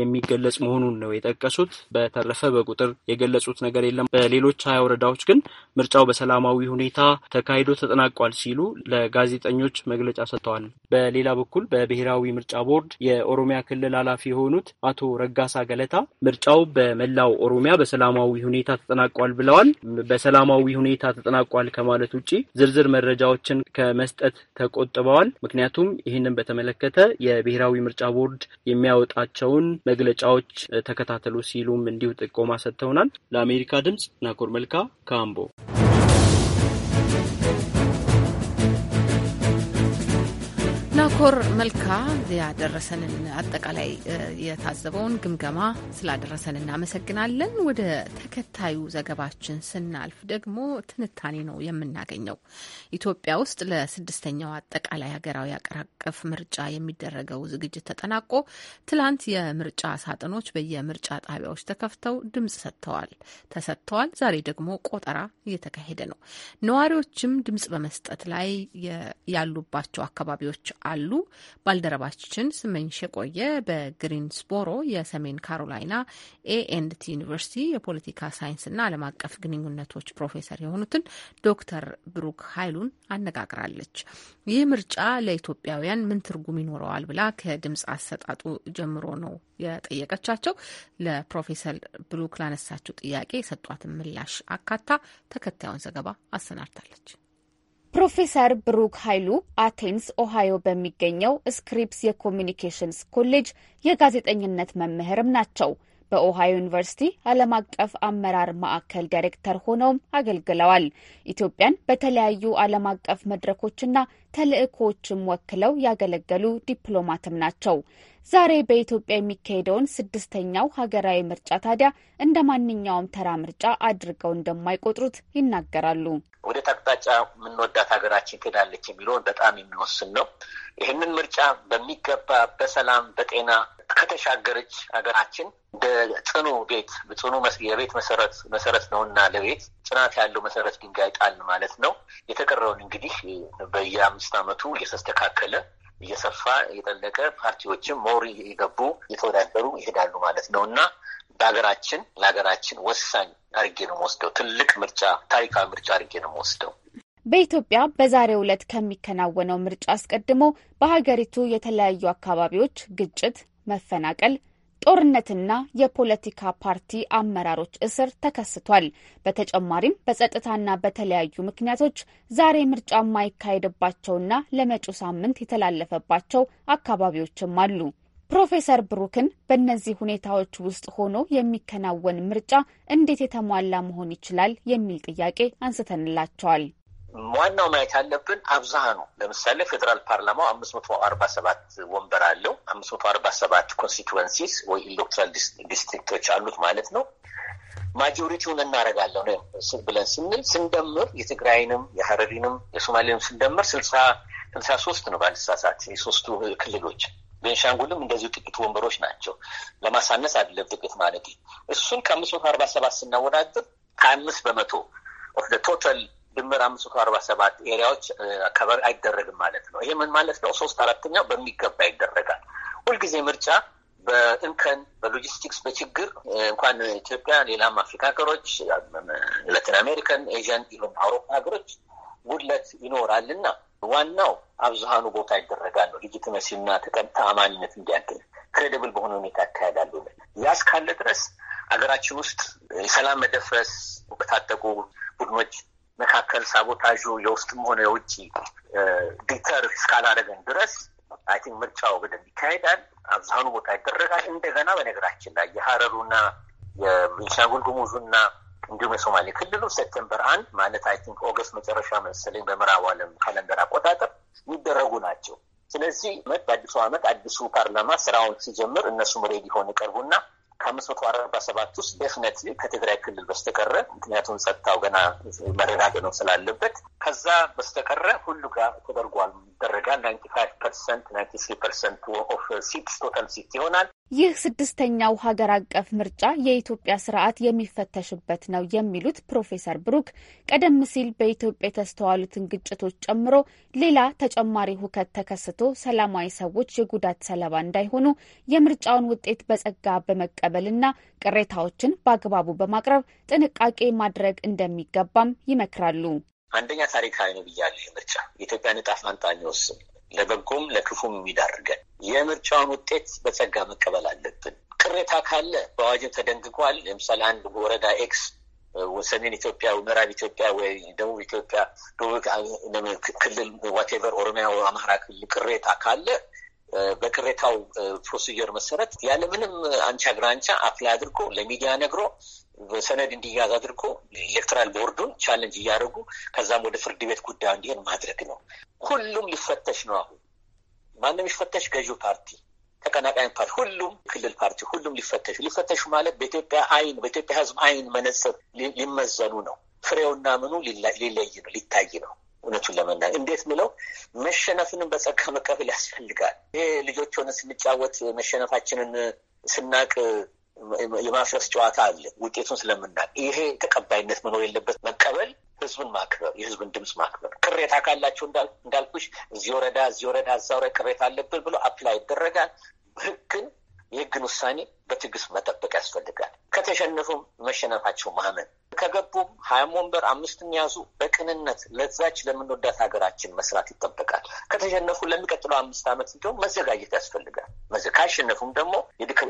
የሚገለጽ መሆኑን ነው የጠቀሱት። በተረፈ በቁጥር የገለጹት ነገር የለም። በሌሎች ሀያ ወረዳዎች ግን ምርጫው በሰላማዊ ሁኔታ ተካሂዶ ተጠናቋል ሲሉ ለጋዜጠኞች መግለጫ ሰጥተዋል። በሌላ በኩል በብሔራዊ ምርጫ ቦርድ የኦሮሚያ ክልል ኃላፊ የሆኑት አቶ ረጋሳ ገለታ ምርጫው በመላው ኦሮሚያ በሰላማዊ ሁኔታ ተጠናቋል ብለዋል። በሰላማዊ ሁኔታ ተጠናቋል ከማለት ውጭ ዝርዝር መረጃዎችን ከመስ ከመስጠት ተቆጥበዋል። ምክንያቱም ይህንን በተመለከተ የብሔራዊ ምርጫ ቦርድ የሚያወጣቸውን መግለጫዎች ተከታተሉ ሲሉም እንዲሁ ጥቆማ ሰጥተውናል። ለአሜሪካ ድምጽ ናኮር መልካ ካምቦ ናኮር መልካ ያደረሰንን አጠቃላይ የታዘበውን ግምገማ ስላደረሰን እናመሰግናለን። ወደ ተከታዩ ዘገባችን ስናልፍ ደግሞ ትንታኔ ነው የምናገኘው። ኢትዮጵያ ውስጥ ለስድስተኛው አጠቃላይ ሀገራዊ አገር አቀፍ ምርጫ የሚደረገው ዝግጅት ተጠናቆ ትላንት የምርጫ ሳጥኖች በየምርጫ ጣቢያዎች ተከፍተው ድምጽ ሰጥተዋል ተሰጥተዋል። ዛሬ ደግሞ ቆጠራ እየተካሄደ ነው። ነዋሪዎችም ድምጽ በመስጠት ላይ ያሉባቸው አካባቢዎች አሉ። ይገኛሉ። ባልደረባችን ስመኝሽ የቆየ በግሪንስቦሮ የሰሜን ካሮላይና ኤኤንድቲ ዩኒቨርሲቲ የፖለቲካ ሳይንስና ዓለም አቀፍ ግንኙነቶች ፕሮፌሰር የሆኑትን ዶክተር ብሩክ ኃይሉን አነጋግራለች። ይህ ምርጫ ለኢትዮጵያውያን ምን ትርጉም ይኖረዋል ብላ ከድምፅ አሰጣጡ ጀምሮ ነው የጠየቀቻቸው። ለፕሮፌሰር ብሩክ ላነሳችው ጥያቄ የሰጧትን ምላሽ አካታ ተከታዩን ዘገባ አሰናድታለች። ፕሮፌሰር ብሩክ ኃይሉ አቴንስ ኦሃዮ በሚገኘው ስክሪፕስ የኮሚኒኬሽንስ ኮሌጅ የጋዜጠኝነት መምህርም ናቸው። በኦሃዮ ዩኒቨርሲቲ ዓለም አቀፍ አመራር ማዕከል ዳይሬክተር ሆነውም አገልግለዋል። ኢትዮጵያን በተለያዩ ዓለም አቀፍ መድረኮችና ተልዕኮዎችም ወክለው ያገለገሉ ዲፕሎማትም ናቸው። ዛሬ በኢትዮጵያ የሚካሄደውን ስድስተኛው ሀገራዊ ምርጫ ታዲያ እንደ ማንኛውም ተራ ምርጫ አድርገው እንደማይቆጥሩት ይናገራሉ። ወዴት አቅጣጫ የምንወዳት ሀገራችን ትሄዳለች የሚለውን በጣም የሚወስን ነው። ይህንን ምርጫ በሚገባ በሰላም በጤና ከተሻገረች ሀገራችን በጽኑ ቤት ጽኑ የቤት መሰረት መሰረት ነውና ለቤት ጽናት ያለው መሰረት ድንጋይ ጣል ማለት ነው። የተቀረውን እንግዲህ በየአምስት ዓመቱ እየተስተካከለ እየሰፋ እየጠለቀ ፓርቲዎችም ሞሪ የገቡ እየተወዳደሩ ይሄዳሉ ማለት ነው እና በሀገራችን ለሀገራችን ወሳኝ አድርጌ ነው የምወስደው። ትልቅ ምርጫ፣ ታሪካዊ ምርጫ አድርጌ ነው የምወስደው። በኢትዮጵያ በዛሬው ዕለት ከሚከናወነው ምርጫ አስቀድሞ በሀገሪቱ የተለያዩ አካባቢዎች ግጭት፣ መፈናቀል ጦርነትና የፖለቲካ ፓርቲ አመራሮች እስር ተከስቷል። በተጨማሪም በጸጥታና በተለያዩ ምክንያቶች ዛሬ ምርጫ የማይካሄድባቸውና ለመጪው ሳምንት የተላለፈባቸው አካባቢዎችም አሉ። ፕሮፌሰር ብሩክን በእነዚህ ሁኔታዎች ውስጥ ሆኖ የሚከናወን ምርጫ እንዴት የተሟላ መሆን ይችላል የሚል ጥያቄ አንስተንላቸዋል። ዋናው ማየት ያለብን አብዛሃኑ ለምሳሌ ፌዴራል ፓርላማው አምስት መቶ አርባ ሰባት ወንበር አለው። አምስት መቶ አርባ ሰባት ኮንስቲትዌንሲስ ወይ ኢሌክቶራል ዲስትሪክቶች አሉት ማለት ነው። ማጆሪቲውን እናደርጋለን ብለን ስንል ስንደምር የትግራይንም የሀረሪንም የሶማሌንም ስንደምር ስልሳ ስልሳ ሶስት ነው ባልሳሳት የሶስቱ ክልሎች ቤንሻንጉልም እንደዚሁ ጥቂት ወንበሮች ናቸው። ለማሳነስ አይደለም ጥቂት ማለት እሱን ከአምስት መቶ አርባ ሰባት ስናወዳድር ከአምስት በመቶ ኦፍ ቶታል ድምር አምስት መቶ አርባ ሰባት ኤሪያዎች ከበር አይደረግም ማለት ነው። ይሄ ምን ማለት ነው? ሶስት አራተኛው በሚገባ ይደረጋል። ሁልጊዜ ምርጫ በእንከን በሎጂስቲክስ በችግር እንኳን ኢትዮጵያ ሌላም አፍሪካ ሀገሮች፣ ላቲን አሜሪካን፣ ኤዥያን፣ ኢቨን አውሮፓ ሀገሮች ጉድለት ይኖራል ይኖራልና ዋናው አብዛሃኑ ቦታ ይደረጋል ነው። ሌጂትመሲ እና ተአማኒነት እንዲያገኝ ክሬዲብል በሆነ ሁኔታ ያካሄዳሉ። ያ እስካለ ድረስ ሀገራችን ውስጥ የሰላም መደፍረስ በታጠቁ ቡድኖች መካከል ሳቦታዡ የውስጥም ሆነ የውጭ ዲተር እስካላደረገን ድረስ አይ ቲንክ ምርጫው በደንብ ይካሄዳል። አብዛኑ ቦታ ይደረጋል። እንደገና በነገራችን ላይ የሀረሩና የቤንሻንጉል ጉሙዙና እንዲሁም የሶማሌ ክልሉ ሴፕቴምበር አንድ ማለት አይ ቲንክ ኦገስት መጨረሻ መሰለኝ በምዕራብ ዓለም ካለንደር አቆጣጠር የሚደረጉ ናቸው። ስለዚህ መት በአዲሱ ዓመት አዲሱ ፓርላማ ስራውን ሲጀምር እነሱም ሬዲ ሆን ይቀርቡና ከአምስት መቶ አርባ ሰባት ውስጥ ደፍነት ከትግራይ ክልል በስተቀረ ምክንያቱም ጸጥታው ገና መረጋገጥ ስላለበት ከዛ በስተቀረ ሁሉ ጋር ተደርጓል ይደረጋል። ናይንቲ ፋይቭ ፐርሰንት ናይንቲ ስሪ ፐርሰንት ኦፍ ሲትስ ቶታል ሲት ይሆናል። ይህ ስድስተኛው ሀገር አቀፍ ምርጫ የኢትዮጵያ ስርዓት የሚፈተሽበት ነው የሚሉት ፕሮፌሰር ብሩክ ቀደም ሲል በኢትዮጵያ የተስተዋሉትን ግጭቶች ጨምሮ ሌላ ተጨማሪ ሁከት ተከስቶ ሰላማዊ ሰዎች የጉዳት ሰለባ እንዳይሆኑ የምርጫውን ውጤት በጸጋ በመቀ በመቀበልና ቅሬታዎችን በአግባቡ በማቅረብ ጥንቃቄ ማድረግ እንደሚገባም ይመክራሉ። አንደኛ ታሪካዊ ነው ብያለሁ። ምርጫ የኢትዮጵያን ዕጣ ፈንታ የሚወስን ለበጎም ለክፉም የሚዳርገን የምርጫውን ውጤት በጸጋ መቀበል አለብን። ቅሬታ ካለ በአዋጅም ተደንግጓል። ለምሳሌ አንድ ወረዳ ኤክስ ሰሜን ኢትዮጵያ፣ ምዕራብ ኢትዮጵያ ወይ ደቡብ ኢትዮጵያ ክልል ዋቴቨር ኦሮሚያ፣ አማራ ክልል ቅሬታ ካለ በቅሬታው ፕሮሲጀር መሰረት ያለምንም አንቻ ግራንቻ አፕላይ አድርጎ ለሚዲያ ነግሮ በሰነድ እንዲያዝ አድርጎ ኤሌክትራል ቦርዱን ቻለንጅ እያደረጉ ከዛም ወደ ፍርድ ቤት ጉዳዩ እንዲሄድ ማድረግ ነው። ሁሉም ሊፈተሽ ነው። አሁን ማንም ይፈተሽ፣ ገዢው ፓርቲ፣ ተቀናቃኝ ፓርቲ፣ ሁሉም ክልል ፓርቲ፣ ሁሉም ሊፈተሹ ሊፈተሹ ማለት በኢትዮጵያ አይን በኢትዮጵያ ሕዝብ አይን መነጽር ሊመዘኑ ነው። ፍሬውና ምኑ ሊለይ ነው፣ ሊታይ ነው። እውነቱን ለመናገር እንዴት ምለው መሸነፍንም በጸጋ መቀበል ያስፈልጋል። ይሄ ልጆች ሆነ ስንጫወት መሸነፋችንን ስናቅ የማፍረስ ጨዋታ አለ። ውጤቱን ስለምናቅ ይሄ ተቀባይነት መኖር የለበት። መቀበል፣ ህዝብን ማክበር፣ የህዝብን ድምፅ ማክበር። ቅሬታ ካላቸው እንዳልኩሽ እዚህ ወረዳ እዚህ ወረዳ እዛው ቅሬታ አለብን ብሎ አፕላይ ይደረጋል። ህግን የህግን ውሳኔ በትዕግስት መጠበቅ ያስፈልጋል። ከተሸነፉም መሸነፋቸው ማመን ከገቡም ሀያም ወንበር አምስትም ያዙ በቅንነት ለዛች ለምንወዳት ሀገራችን መስራት ይጠበቃል። ከተሸነፉ ለሚቀጥለው አምስት ዓመት እንዲሁም መዘጋጀት ያስፈልጋል። ካሸነፉም ደግሞ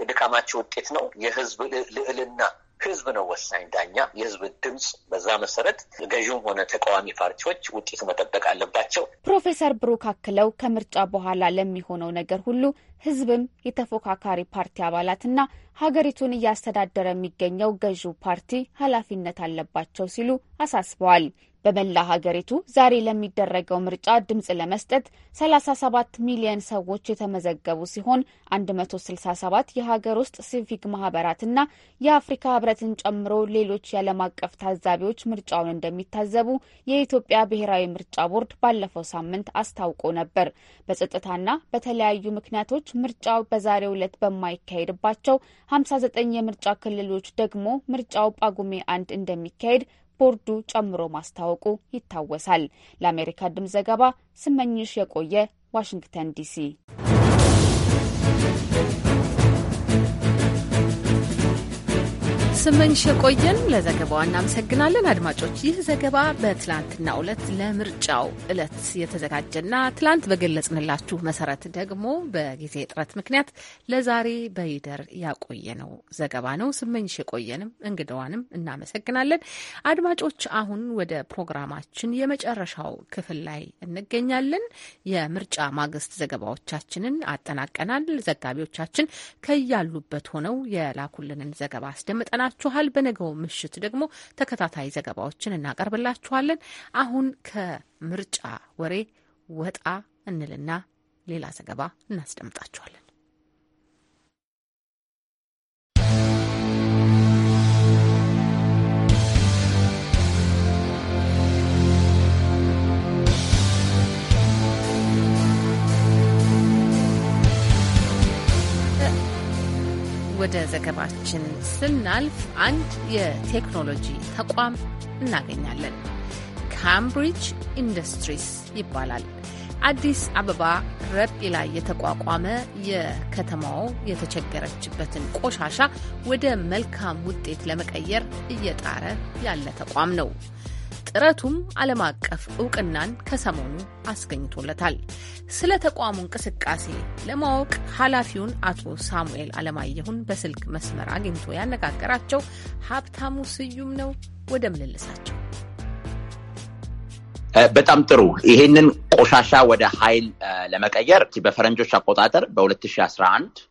የድካማቸው ውጤት ነው የህዝብ ልዕልና ህዝብ ነው ወሳኝ ዳኛ። የህዝብ ድምፅ በዛ መሰረት ገዥም ሆነ ተቃዋሚ ፓርቲዎች ውጤት መጠበቅ አለባቸው። ፕሮፌሰር ብሩክ አክለው ከምርጫ በኋላ ለሚሆነው ነገር ሁሉ ህዝብም የተፎካካሪ ፓርቲ አባላትና ሀገሪቱን እያስተዳደረ የሚገኘው ገዢው ፓርቲ ኃላፊነት አለባቸው ሲሉ አሳስበዋል። በመላ ሀገሪቱ ዛሬ ለሚደረገው ምርጫ ድምፅ ለመስጠት 37 ሚሊዮን ሰዎች የተመዘገቡ ሲሆን 167 የሀገር ውስጥ ሲቪክ ማህበራትና የአፍሪካ ህብረትን ጨምሮ ሌሎች የዓለም አቀፍ ታዛቢዎች ምርጫውን እንደሚታዘቡ የኢትዮጵያ ብሔራዊ ምርጫ ቦርድ ባለፈው ሳምንት አስታውቆ ነበር። በጸጥታና በተለያዩ ምክንያቶች ምርጫው በዛሬው ዕለት በማይካሄድባቸው 59 የምርጫ ክልሎች ደግሞ ምርጫው ጳጉሜ አንድ እንደሚካሄድ ቦርዱ ጨምሮ ማስታወቁ ይታወሳል። ለአሜሪካ ድምፅ ዘገባ ስመኝሽ የቆየ ዋሽንግተን ዲሲ ስመኝሽ የቆየን ለዘገባዋ እናመሰግናለን። አድማጮች፣ ይህ ዘገባ በትላንትናው ዕለት ለምርጫው ዕለት የተዘጋጀና ትላንት በገለጽንላችሁ መሰረት ደግሞ በጊዜ እጥረት ምክንያት ለዛሬ በይደር ያቆየነው ዘገባ ነው። ስመኝሽ የቆየንም እንግዳዋንም እናመሰግናለን። አድማጮች፣ አሁን ወደ ፕሮግራማችን የመጨረሻው ክፍል ላይ እንገኛለን። የምርጫ ማግስት ዘገባዎቻችንን አጠናቀናል። ዘጋቢዎቻችን ከያሉበት ሆነው የላኩልንን ዘገባ አስደምጠናል። ይጠብቃችኋል። በነገው ምሽት ደግሞ ተከታታይ ዘገባዎችን እናቀርብላችኋለን። አሁን ከምርጫ ወሬ ወጣ እንልና ሌላ ዘገባ እናስደምጣችኋለን። ወደ ዘገባችን ስናልፍ አንድ የቴክኖሎጂ ተቋም እናገኛለን። ካምብሪጅ ኢንዱስትሪስ ይባላል። አዲስ አበባ ረጲ ላይ የተቋቋመ የከተማው የተቸገረችበትን ቆሻሻ ወደ መልካም ውጤት ለመቀየር እየጣረ ያለ ተቋም ነው። ጥረቱም ዓለም አቀፍ እውቅናን ከሰሞኑ አስገኝቶለታል። ስለ ተቋሙ እንቅስቃሴ ለማወቅ ኃላፊውን አቶ ሳሙኤል አለማየሁን በስልክ መስመር አግኝቶ ያነጋገራቸው ሀብታሙ ስዩም ነው። ወደ ምልልሳቸው በጣም ጥሩ። ይሄንን ቆሻሻ ወደ ኃይል ለመቀየር በፈረንጆች አቆጣጠር በ2011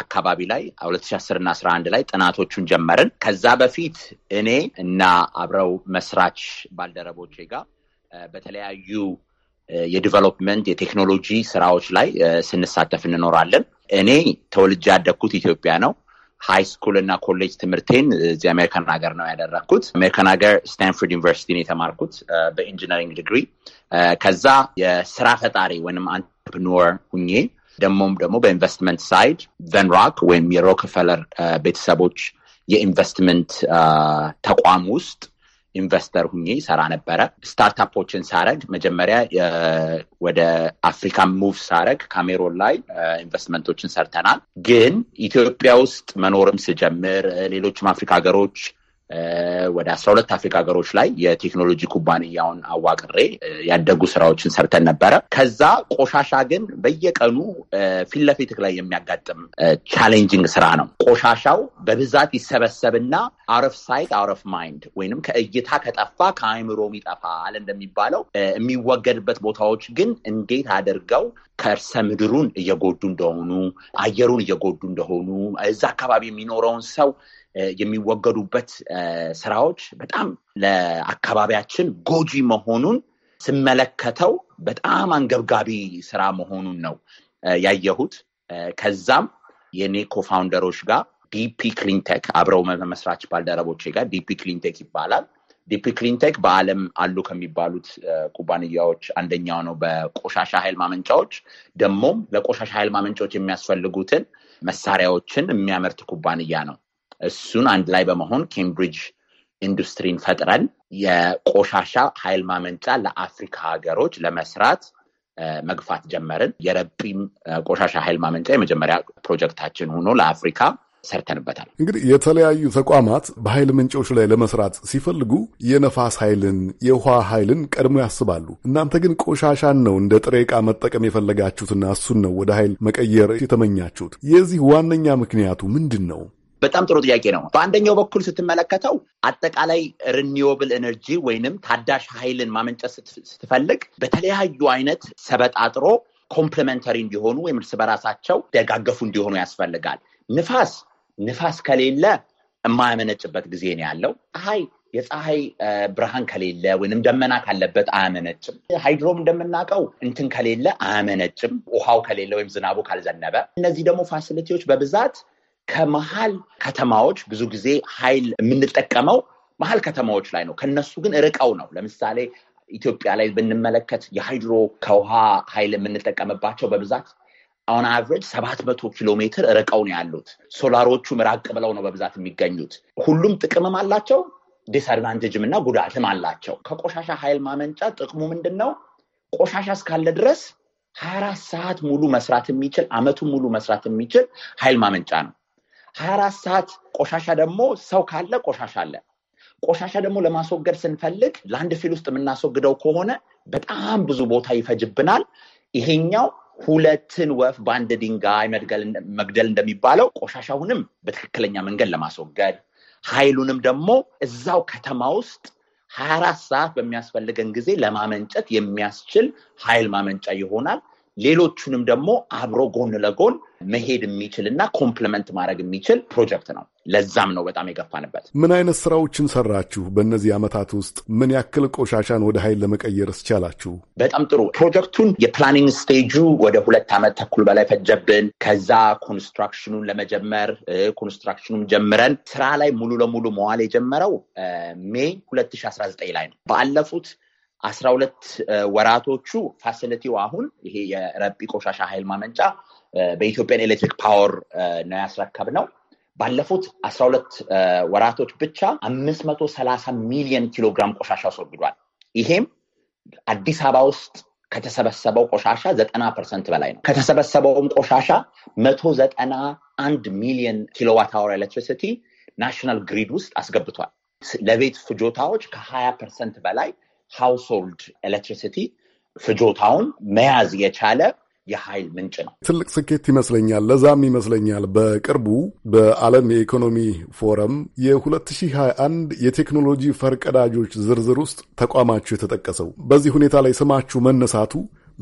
አካባቢ ላይ 2010 እና 11 ላይ ጥናቶቹን ጀመርን። ከዛ በፊት እኔ እና አብረው መስራች ባልደረቦቼ ጋር በተለያዩ የዲቨሎፕመንት የቴክኖሎጂ ስራዎች ላይ ስንሳተፍ እንኖራለን። እኔ ተወልጄ ያደግኩት ኢትዮጵያ ነው። ሃይ ስኩል እና ኮሌጅ ትምህርቴን እዚህ አሜሪካን ሀገር ነው ያደረግኩት። አሜሪካን ሀገር ስታንፎርድ ዩኒቨርሲቲን የተማርኩት በኢንጂነሪንግ ዲግሪ። ከዛ የስራ ፈጣሪ ወይም አንትርፕኖር ሁኜ ደግሞም ደግሞ በኢንቨስትመንት ሳይድ ቨንሮክ ወይም የሮክፈለር ቤተሰቦች የኢንቨስትመንት ተቋም ውስጥ ኢንቨስተር ሁኜ ይሰራ ነበረ። ስታርታፖችን ሳረግ መጀመሪያ ወደ አፍሪካ ሙቭ ሳረግ ካሜሮን ላይ ኢንቨስትመንቶችን ሰርተናል። ግን ኢትዮጵያ ውስጥ መኖርም ስጀምር ሌሎችም አፍሪካ ሀገሮች ወደ አስራ ሁለት አፍሪካ ሀገሮች ላይ የቴክኖሎጂ ኩባንያውን አዋቅሬ ያደጉ ስራዎችን ሰርተን ነበረ። ከዛ ቆሻሻ ግን በየቀኑ ፊት ለፊትህ ላይ የሚያጋጥም ቻሌንጂንግ ስራ ነው። ቆሻሻው በብዛት ይሰበሰብና አረፍ ሳይት አረፍ ማይንድ ወይንም ከእይታ ከጠፋ ከአይምሮም ይጠፋል እንደሚባለው የሚወገድበት ቦታዎች ግን እንዴት አድርገው ከእርሰ ምድሩን እየጎዱ እንደሆኑ፣ አየሩን እየጎዱ እንደሆኑ እዛ አካባቢ የሚኖረውን ሰው የሚወገዱበት ስራዎች በጣም ለአካባቢያችን ጎጂ መሆኑን ስመለከተው በጣም አንገብጋቢ ስራ መሆኑን ነው ያየሁት። ከዛም የኔ ኮፋውንደሮች ጋር ዲፒ ክሊንቴክ አብረው መመስራች ባልደረቦች ጋር ዲፒ ክሊንቴክ ይባላል። ዲፒ ክሊንቴክ በዓለም አሉ ከሚባሉት ኩባንያዎች አንደኛው ነው። በቆሻሻ ኃይል ማመንጫዎች ደግሞም ለቆሻሻ ኃይል ማመንጫዎች የሚያስፈልጉትን መሳሪያዎችን የሚያመርት ኩባንያ ነው። እሱን አንድ ላይ በመሆን ኬምብሪጅ ኢንዱስትሪን ፈጥረን የቆሻሻ ኃይል ማመንጫ ለአፍሪካ ሀገሮች ለመስራት መግፋት ጀመርን። የረጲም ቆሻሻ ኃይል ማመንጫ የመጀመሪያ ፕሮጀክታችን ሆኖ ለአፍሪካ ሰርተንበታል። እንግዲህ የተለያዩ ተቋማት በኃይል ምንጮች ላይ ለመስራት ሲፈልጉ የነፋስ ኃይልን፣ የውሃ ኃይልን ቀድሞ ያስባሉ። እናንተ ግን ቆሻሻን ነው እንደ ጥሬ ዕቃ መጠቀም የፈለጋችሁትና እሱን ነው ወደ ኃይል መቀየር የተመኛችሁት። የዚህ ዋነኛ ምክንያቱ ምንድን ነው? በጣም ጥሩ ጥያቄ ነው። በአንደኛው በኩል ስትመለከተው አጠቃላይ ሪኒዌብል ኤነርጂ ወይንም ታዳሽ ኃይልን ማመንጨት ስትፈልግ በተለያዩ አይነት ሰበጣጥሮ ኮምፕሊመንተሪ እንዲሆኑ ወይም እርስ በራሳቸው ደጋገፉ እንዲሆኑ ያስፈልጋል። ንፋስ ንፋስ ከሌለ የማያመነጭበት ጊዜ ነው ያለው። ፀሐይ የፀሐይ ብርሃን ከሌለ ወይም ደመና ካለበት አያመነጭም። ሃይድሮም እንደምናውቀው እንትን ከሌለ አያመነጭም፣ ውሃው ከሌለ ወይም ዝናቡ ካልዘነበ። እነዚህ ደግሞ ፋሲሊቲዎች በብዛት ከመሀል ከተማዎች ብዙ ጊዜ ኃይል የምንጠቀመው መሀል ከተማዎች ላይ ነው። ከነሱ ግን ርቀው ነው። ለምሳሌ ኢትዮጵያ ላይ ብንመለከት የሃይድሮ ከውሃ ሀይል የምንጠቀምባቸው በብዛት አሁን አቨሬጅ ሰባት መቶ ኪሎ ሜትር ርቀው ነው ያሉት። ሶላሮቹም ራቅ ብለው ነው በብዛት የሚገኙት። ሁሉም ጥቅምም አላቸው፣ ዲስአድቫንቴጅም እና ጉዳትም አላቸው። ከቆሻሻ ኃይል ማመንጫ ጥቅሙ ምንድን ነው? ቆሻሻ እስካለ ድረስ ሀያ አራት ሰዓት ሙሉ መስራት የሚችል አመቱ ሙሉ መስራት የሚችል ኃይል ማመንጫ ነው። ሀያ አራት ሰዓት ቆሻሻ ደግሞ ሰው ካለ ቆሻሻ አለ። ቆሻሻ ደግሞ ለማስወገድ ስንፈልግ ለአንድ ፊል ውስጥ የምናስወግደው ከሆነ በጣም ብዙ ቦታ ይፈጅብናል። ይሄኛው ሁለትን ወፍ በአንድ ድንጋይ መግደል እንደሚባለው ቆሻሻውንም በትክክለኛ መንገድ ለማስወገድ ኃይሉንም ደግሞ እዛው ከተማ ውስጥ ሀያ አራት ሰዓት በሚያስፈልገን ጊዜ ለማመንጨት የሚያስችል ኃይል ማመንጫ ይሆናል። ሌሎቹንም ደግሞ አብሮ ጎን ለጎን መሄድ የሚችል እና ኮምፕለመንት ማድረግ የሚችል ፕሮጀክት ነው። ለዛም ነው በጣም የገፋንበት። ምን አይነት ስራዎችን ሰራችሁ? በእነዚህ ዓመታት ውስጥ ምን ያክል ቆሻሻን ወደ ኃይል ለመቀየር እስቻላችሁ? በጣም ጥሩ። ፕሮጀክቱን የፕላኒንግ ስቴጁ ወደ ሁለት ዓመት ተኩል በላይ ፈጀብን። ከዛ ኮንስትራክሽኑን ለመጀመር ኮንስትራክሽኑን ጀምረን ስራ ላይ ሙሉ ለሙሉ መዋል የጀመረው ሜይ 2019 ላይ ነው። ባለፉት አስራ ሁለት ወራቶቹ ፋሲሊቲው አሁን ይሄ የረጲ ቆሻሻ ኃይል ማመንጫ በኢትዮጵያን ኤሌክትሪክ ፓወር ነው ያስረከብ ነው። ባለፉት አስራ ሁለት ወራቶች ብቻ አምስት መቶ ሰላሳ ሚሊዮን ኪሎግራም ቆሻሻ አስወግዷል። ይሄም አዲስ አበባ ውስጥ ከተሰበሰበው ቆሻሻ ዘጠና ፐርሰንት በላይ ነው። ከተሰበሰበውም ቆሻሻ መቶ ዘጠና አንድ ሚሊዮን ኪሎዋት አወር ኤሌክትሪሲቲ ናሽናል ግሪድ ውስጥ አስገብቷል። ለቤት ፍጆታዎች ከሀያ ፐርሰንት በላይ ሃውስሆልድ ኤሌክትሪሲቲ ፍጆታውን መያዝ የቻለ የኃይል ምንጭ ነው። ትልቅ ስኬት ይመስለኛል። ለዛም ይመስለኛል በቅርቡ በዓለም የኢኮኖሚ ፎረም የ2021 የቴክኖሎጂ ፈርቀዳጆች ዝርዝር ውስጥ ተቋማችሁ የተጠቀሰው። በዚህ ሁኔታ ላይ ስማችሁ መነሳቱ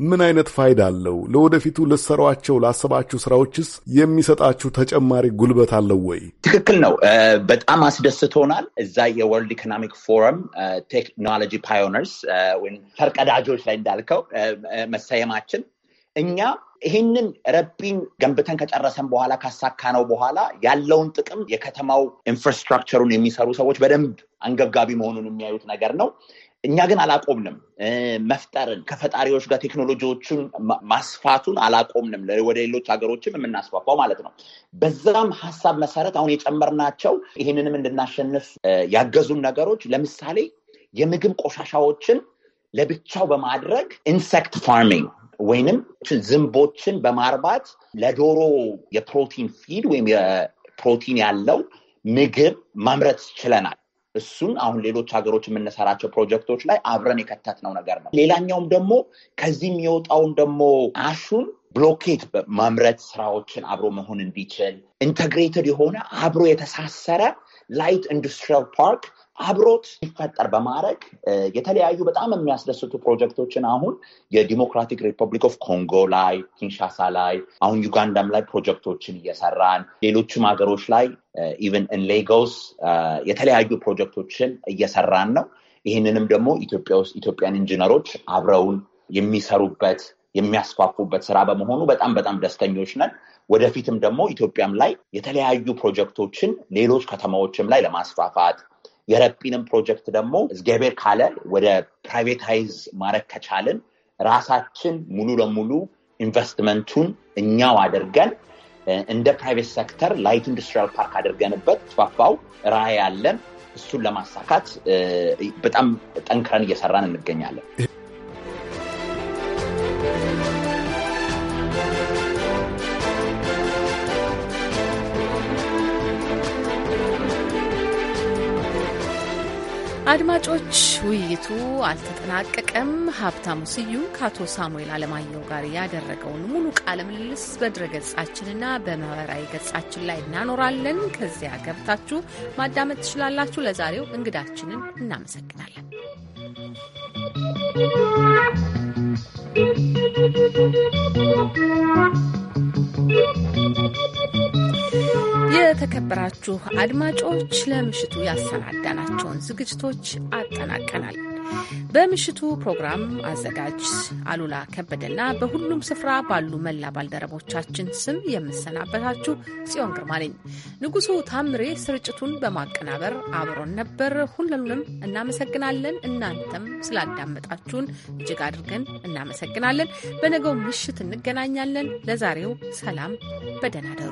ምን አይነት ፋይዳ አለው? ለወደፊቱ ልትሰሯቸው ላሰባችሁ ስራዎችስ የሚሰጣችሁ ተጨማሪ ጉልበት አለው ወይ? ትክክል ነው። በጣም አስደስቶናል። እዛ የወርልድ ኢኮኖሚክ ፎረም ቴክኖሎጂ ፓዮነርስ ወይም ፈርቀዳጆች ላይ እንዳልከው መሰየማችን እኛ ይህንን ረቢን ገንብተን ከጨረሰን በኋላ ካሳካ ነው በኋላ ያለውን ጥቅም የከተማው ኢንፍራስትራክቸሩን የሚሰሩ ሰዎች በደንብ አንገብጋቢ መሆኑን የሚያዩት ነገር ነው። እኛ ግን አላቆምንም። መፍጠርን ከፈጣሪዎች ጋር ቴክኖሎጂዎቹን ማስፋቱን አላቆምንም። ወደ ሌሎች ሀገሮችም የምናስፋፋው ማለት ነው። በዛም ሀሳብ መሰረት አሁን የጨመርናቸው ይህንንም እንድናሸንፍ ያገዙን ነገሮች ለምሳሌ የምግብ ቆሻሻዎችን ለብቻው በማድረግ ኢንሴክት ፋርሚንግ ወይንም ዝንቦችን በማርባት ለዶሮ የፕሮቲን ፊድ ወይም የፕሮቲን ያለው ምግብ ማምረት ችለናል። እሱን አሁን ሌሎች ሀገሮች የምንሰራቸው ፕሮጀክቶች ላይ አብረን የከተትነው ነገር ነው። ሌላኛውም ደግሞ ከዚህ የሚወጣውን ደግሞ አሹን ብሎኬት ማምረት ስራዎችን አብሮ መሆን እንዲችል ኢንተግሬትድ የሆነ አብሮ የተሳሰረ ላይት ኢንዱስትሪያል ፓርክ አብሮት ሲፈጠር በማድረግ የተለያዩ በጣም የሚያስደስቱ ፕሮጀክቶችን አሁን የዲሞክራቲክ ሪፐብሊክ ኦፍ ኮንጎ ላይ ኪንሻሳ ላይ አሁን ዩጋንዳም ላይ ፕሮጀክቶችን እየሰራን ሌሎችም ሀገሮች ላይ ኢቨን ሌጎስ የተለያዩ ፕሮጀክቶችን እየሰራን ነው። ይህንንም ደግሞ ኢትዮጵያ ውስጥ ኢትዮጵያን ኢንጂነሮች አብረውን የሚሰሩበት የሚያስፋፉበት ስራ በመሆኑ በጣም በጣም ደስተኞች ነን። ወደፊትም ደግሞ ኢትዮጵያም ላይ የተለያዩ ፕሮጀክቶችን ሌሎች ከተማዎችም ላይ ለማስፋፋት የረጲንም ፕሮጀክት ደግሞ እግዚአብሔር ካለ ወደ ፕራይቬታይዝ ማድረግ ከቻልን ራሳችን ሙሉ ለሙሉ ኢንቨስትመንቱን እኛው አድርገን እንደ ፕራይቬት ሴክተር ላይት ኢንዱስትሪያል ፓርክ አድርገንበት ተስፋፋው ራዕይ ያለን እሱን ለማሳካት በጣም ጠንክረን እየሰራን እንገኛለን። አድማጮች ውይይቱ አልተጠናቀቀም። ሀብታሙ ስዩም ከአቶ ሳሙኤል አለማየሁ ጋር ያደረገውን ሙሉ ቃለ ምልልስ ገጻችንና በማህበራዊ ገጻችን ላይ እናኖራለን። ከዚያ ገብታችሁ ማዳመጥ ትችላላችሁ። ለዛሬው እንግዳችንን እናመሰግናለን። Thank you. የተከበራችሁ አድማጮች ለምሽቱ ያሰናዳናቸውን ዝግጅቶች አጠናቀናል። በምሽቱ ፕሮግራም አዘጋጅ አሉላ ከበደና በሁሉም ስፍራ ባሉ መላ ባልደረቦቻችን ስም የምሰናበታችሁ ጽዮን ግርማ ነኝ። ንጉሱ ታምሬ ስርጭቱን በማቀናበር አብሮን ነበር። ሁሉንም እናመሰግናለን። እናንተም ስላዳመጣችሁን እጅግ አድርገን እናመሰግናለን። በነገው ምሽት እንገናኛለን። ለዛሬው ሰላም፣ በደህና